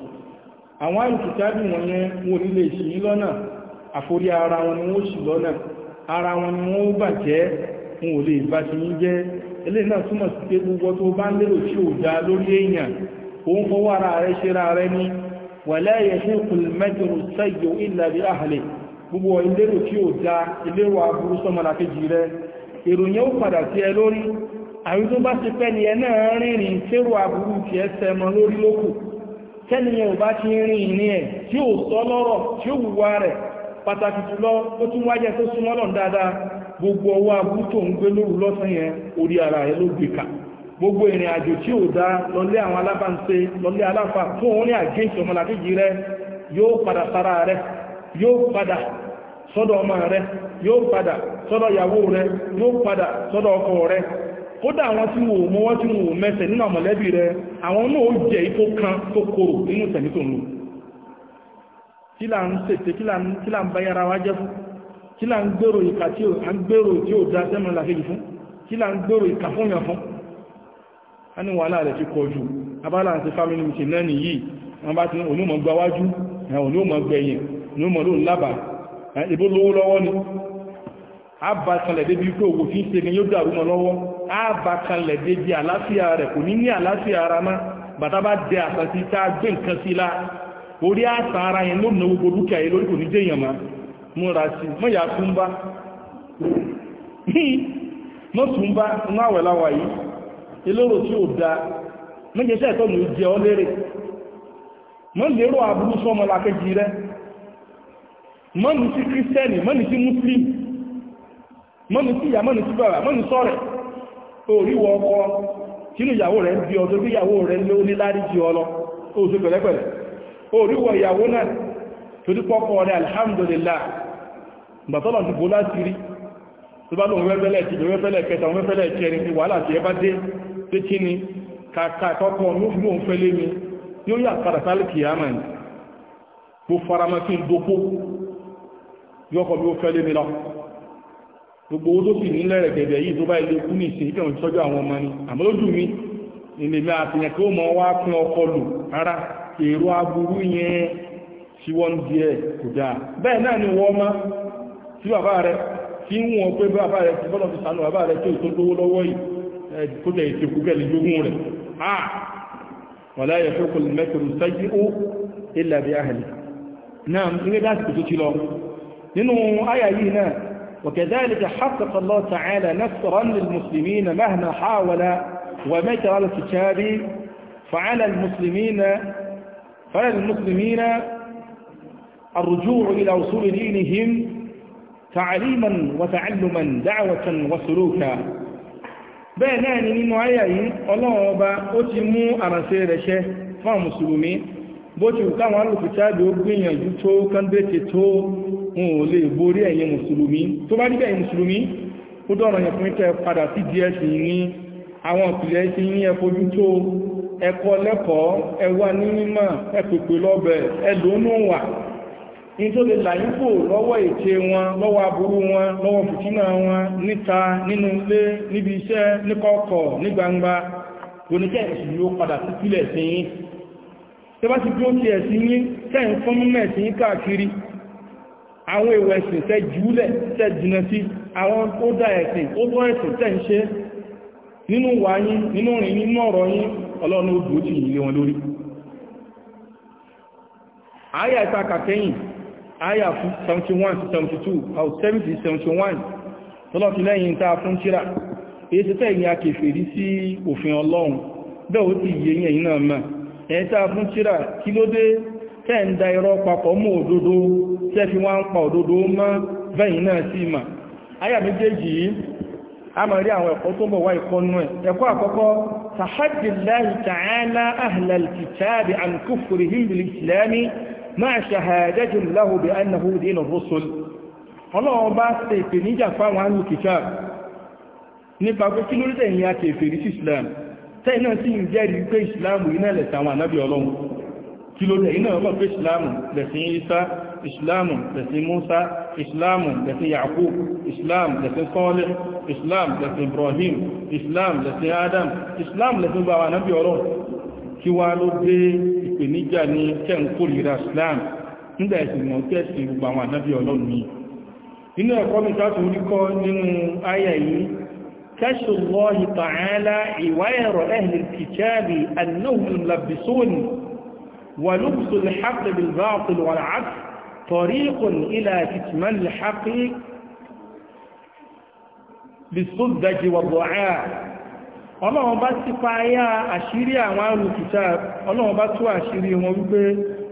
àwọn àìsìtàbí wọn yẹn wọn ní lè ṣì lọ́nà àforí ara wọn ni wọ́n ṣì lọ́nà ara wọn ni wọ́n bàjẹ́ wọn ò lè bá ti yí jẹ́ ilé náà túmọ̀ sí pé gbogbo tó bá lérò tí ò dá lórí èèyàn òun fọwọ́ ara rẹ̀ ṣe ra rẹ̀ ní wàlẹ́ yẹ̀sí kùlùmẹ́tìrù sẹ́yọ̀ ilẹ̀ bí gbogbo ìlérò tí ó dá ìlérò aburú sọmọ̀lá kejì rẹ̀ ìròyìn ó padà sí ẹ lórí àrí tó bá ti pẹ́ni ẹ náà rìnrìn tẹ́rò aburú ti ẹsẹ sẹmọ lórí lókù tẹ́niyàn ò bá ti rìn ẹ̀ tí ó sọ lọ́rọ̀ tí ó wùwá rẹ̀ pàtàkì jùlọ ó tún gbogbo ìrìn àjò tí ò dá lọlé àwọn alábànṣe lọlé aláfà fún orin àgéǹsì ọmọlàkejì rẹ yóò padà sára rẹ yóò padà sọ́dọ̀ ọmọ rẹ yóò padà sọ́dọ̀ ìyàwó rẹ yóò padà sọ́dọ̀ ọkọ rẹ kódà àwọn tí wò mọ́ tí wò mẹ́sẹ̀ nínú rẹ àwọn náà jẹ́ kan tó korò nínú tẹ̀mí tó ń lò kí là ń gbèrò a ní wàhálà rẹ̀ ti pọ̀ jù àti family meeting náà nìyí wọ́n bá ti ní onímọ̀ gbáwájú onímọ̀ gbẹ̀yìn onímọ̀ ló ń ìbó lówó lọ́wọ́ ni abakanlẹ̀ débi pé òwò fi ń ṣe ni yóò dàrú mọ́ lọ́wọ́ abakanlẹ̀ débi àlàáfíà rẹ̀ kò ní ní àlàáfíà ara má bàtà bá dẹ àṣà sí tá a gbé nǹkan sí la orí àṣà ara yẹn ló nà gbogbo túnbá mọ́túnbá ń yìí elóró tí ó da méjèṣẹ́ ìtọ́nù jẹ ọ lérè mọ́ lérò àbúrú sọmọ lákejì rẹ mọ́nù sí kírísítẹ́nì mọ́nù sí muslim mọ́nù sí ìyá mọ́nù sí bàbá mọ́nù sọ́rẹ̀ oríwọ ọkọ tínú ìyàwó rẹ̀ ń bí ọdún bí ìyàwó rẹ̀ ní ọlọ pé kí ni kàkà àkọ́kọ́ ní òfin òun fẹ́lé mi yóò yà padà sálẹ̀ kìyàmà ní bó farama sí ń dopó yọkọ̀ bí ó fẹ́lé mi lọ gbogbo owó tó sì nílẹ̀ rẹ̀ yìí tó bá ilé kú ní ìsìn ni àmọ́ lójú mi ilé mi àfihàn kí ó mọ wá pín ọkọ lò rárá èrò aburú yẹn tí wọ́n díẹ̀ kò dáa ni wọ́n má tí bàbá rẹ̀ tí wọ́n pé bàbá rẹ̀ tí bọ́lọ̀ tó lówó lọ́wọ́ yìí kódà ìṣekú kẹ́lẹ̀ jogún rẹ̀ a wàlá yẹ̀ṣọ́kù mẹ́kìrù sáyé ó ilẹ̀ bí ahìlì náà nígbẹ́ lásìkò وكذلك حقق الله تعالى نصرا للمسلمين مهما حاول ومكر الكتاب فعلى المسلمين فعلى المسلمين الرجوع إلى أصول دينهم تعليما وتعلما دعوة وسلوكا bẹ́ẹ̀ náà ni nínú àyà yìí ọlọ́run ọba ó ti mú àrànṣe rẹ̀ ṣẹ fún àwọn mùsùlùmí bó ti wù káwọn alùpùtàbí ó gbìyànjú tó kánbẹ́tẹ̀ tó wọn ò lè borí ẹ̀yin mùsùlùmí tó bá níbẹ̀ ẹ̀yin mùsùlùmí ó dọ̀rọ̀ yẹn fún ìtẹ́ padà sí díẹ̀ sí ní àwọn ìpìlẹ̀ sí ní ẹfojú tó ẹkọ lẹ́kọ̀ọ́ ẹwà ní mímọ̀ ẹpẹ̀pẹ̀ lọ́bẹ̀ ẹlòónú wà tó lè làyínkò lọ́wọ́ ète wọn lọ́wọ́ aburú wọn lọ́wọ́ fìtínà wọn níta nínú ilé níbi iṣẹ́ níkọ̀ọ̀kọ̀ ní gbangba oníkẹ́ ìsìn yóò padà sí sílẹ̀ sí yín tó bá ti bí ó ti ẹ̀sìn yín tẹ́yìn fún mímẹ̀ sí yín káàkiri àwọn èèwọ̀ ẹ̀sìn tẹ́ jùúlẹ̀ tẹ́ jìnà sí àwọn tó dá ẹ̀sìn tó tọ́ ẹ̀sìn tẹ́ ń ṣe nínú wà yín nínú rìn nínú ọ̀rọ̀ ọlọ́run ó ó ti yìí lé wọn lórí ìta kàkẹ́yìn aya 71-72 out 70-71 tọ́lọ́fi lẹ́yìn tàà fún tíra èyí tẹ́ ẹ̀yin akèfèrí sí òfin ọlọ́run bẹ́ẹ̀ ó ti yẹ yẹ̀yìn náà mọ̀ ẹ̀yin tàà fún tíra kí ló dé tẹ́ ń da irọ́ papọ̀ mọ́ òdodo tẹ́ fi wá ń pa òdodo mọ́ bẹ́yìn náà sí mà méjèèjì a máa rí àwọn ẹ̀kọ́ tó bọ̀ wá ẹ̀ ẹ̀kọ́ àkọ́kọ́ máa ṣàhàdájú láhù bí annahu dínà rusul ọlọ́wọ́ bá ṣe ìpèníjà fáwọn anú kitab nípa pé kí lórí tẹ̀yìn àti èfèrí sí islam tẹ́yìn náà sì ń jẹ́rìí pé islam iná lẹ̀sẹ̀ àwọn ànábì ọlọ́run kí lórí tẹ̀yìn náà mọ̀ pé islam lẹ̀sìn isa islam lẹ̀sìn ọlọ́run kí wá ló dé ìpèníjà ní kẹ́ǹkórìíra islam nígbà ẹ̀sìn mọ̀ tẹ́sìn gbogbo àwọn ànábì ọlọ́run ni inú ẹ̀kọ́ mi tàbí orí kọ́ nínú ayà yìí kashfu Allahi ta'ala 'awra ahli al-kitabi annahum yulabbisun wa ọlọ́run bá ti pa ayá àṣírí àwọn arùkìtà ọlọ́run bá tú àṣírí wọn wípé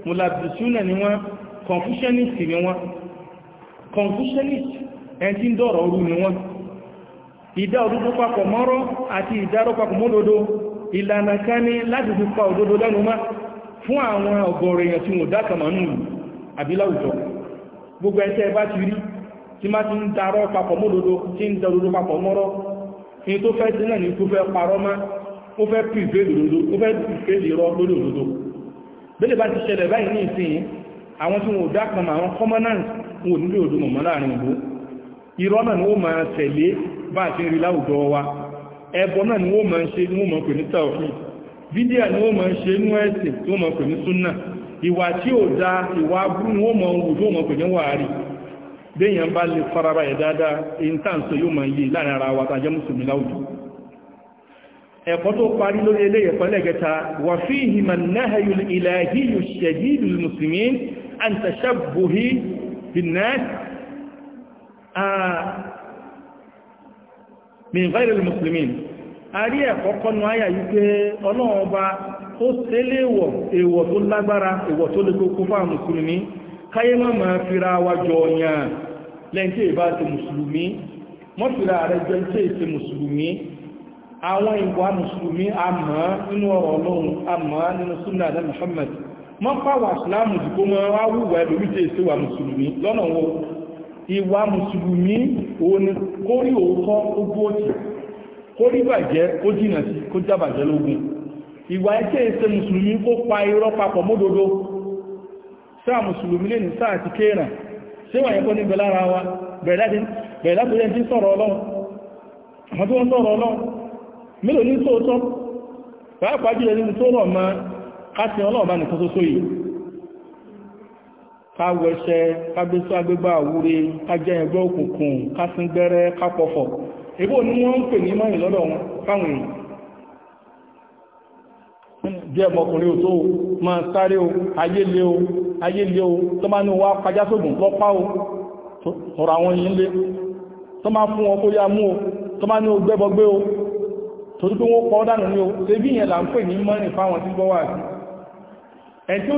mùlàbìsúnà ni wọ́n confucianist ni wọ́n confucianist ẹni tí ń dọ̀rọ̀ orú ni wọ́n ìdá òdodo papọ̀ mọ́rọ́ àti ìdárọ́ papọ̀ mọ́dodo ìlànà kan ní láti fi pa òdodo lẹ́nu mọ́ fún àwọn ọ̀gọ̀rọ̀ èèyàn tí wọ́n dákàmánú àbí láwùjọ gbogbo ẹsẹ̀ bá ti rí tí má ti ń darọ́ papọ̀ mọ́dodo tí ń dọ̀rọ̀ papọ̀ mọ́rọ́ in tó fẹ́ sí náà ní tó fẹ́ parọ́ mọ́ ó fẹ́ pìfèlì òdodo ó fẹ́ pìfèlì rọ lórí òdodo bẹ́lẹ̀ bá ti ṣẹlẹ̀ báyìí ní ìsìn àwọn tí wọn ò dákan mọ́ àwọn commoners wọn ò nílò òdo mọ̀mọ́ láàrin ìlú irọ́ náà ni ó máa tẹ̀lé bá àti rí láwùjọ tí ó mọ̀ ìwà burú ni mọ̀ wù tí mọ̀ pè ní béèyàn bá lè faraba ẹ̀ dáadáa èyí tàǹsọ yóò máa yé láàrin ara wa tàjẹ́ mùsùlùmí láwùjọ ẹ̀kọ́ tó parí lórí ilé ẹ̀kọ́ lẹ́gẹta wà fí ìhìmà náà ìlàhí yóò ṣẹ̀dí ìlú mùsùlùmí an tàṣàbòhí bin-nas min ghayri al-mùsùlùmí a rí ẹ̀kọ́ lẹ́ntí ìbá ti mùsùlùmí mọ́sílá rẹ̀ jẹ́ tí èsì mùsùlùmí àwọn ìwà mùsùlùmí àmọ́ nínú ọ̀rọ̀ ọlọ́run àmọ́ nínú súnà àdá Muhammad mọ́ pàwà ìsìláàmù dìbò mọ́ wáwúwà ẹlòmí tí èsì wà mùsùlùmí lọ́nà wo ìwà mùsùlùmí òun kórí òótọ́ ogún òtì kórí bàjẹ́ kó jìnà sí kó jábàjẹ́ lógún ìwà ẹ̀tẹ́ èsì mùsùlùmí kó pa irọ́ papọ̀ módodo sáà mùsùlùmí lè sáà ti kéèràn ṣé wà yẹ́kọ́ níbẹ̀ lára wa bẹ̀rẹ̀ láti rẹ̀ tí sọ̀rọ̀ ọlọ́run àwọn tí wọ́n sọ̀rọ̀ ọlọ́run mélòó ní sóòtọ́ pàápàá jùlọ nínú tó rọ̀ ma káṣí ọlọ́ọ̀bá nìkan tó sóyè káwẹṣẹ kágbésí ní wọ́n ń ò tó máa o ayé lé o ayé lé o tó máa ní wá pàjá sógùn lọ́pá o ọ̀rọ̀ àwọn yìí lé tó máa fún wọn yá mú o tó máa ní o gbẹ́bọgbé o torí pé wọ́n pọ̀ dànù ní o ṣe bí ìyẹn là ń pè ní mọ́rin fáwọn tí gbọ́ wà sí ẹni tí ó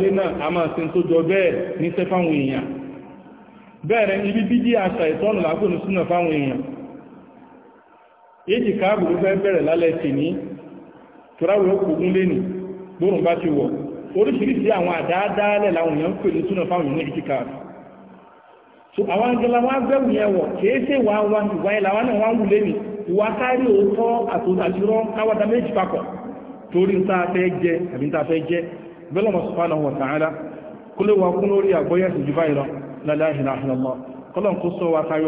sì a máa sin tó jọ bẹ́ẹ̀ ní sẹ́ fáwọn èèyàn bẹ́ẹ̀rẹ̀ ibi bídí àṣà ìtọ́nù lágbónú súnà fáwọn èèyàn èjì káàbù ló fẹ́ bẹ̀rẹ̀ lálẹ́ tì ní tòráwé ó kògún lẹ́nu gbórùn bá ti wọ̀ si àwọn àdáadáalẹ̀ làwọn èèyàn ń pè ní súnà fáwọn èèyàn ní ìtìkà so àwọn àjọlá wọn gbẹ̀rù yẹn wọ̀ kìí ṣe wà wà ìwà ẹ̀ làwọn náà wà ń wù lẹ́nu ìwà kárí òótọ́ méjì papọ̀ torí nta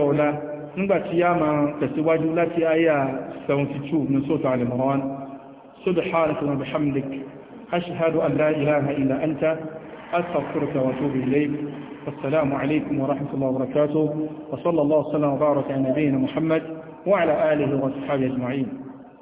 wa la sọ yá máa tẹ̀síwájú láti 72 ní سبحانك وبحمدك أشهد أن لا إله إلا أنت أستغفرك وأتوب إليك والسلام عليكم ورحمة الله وبركاته وصلى الله وسلم وبارك على نبينا محمد وعلى آله وصحبه أجمعين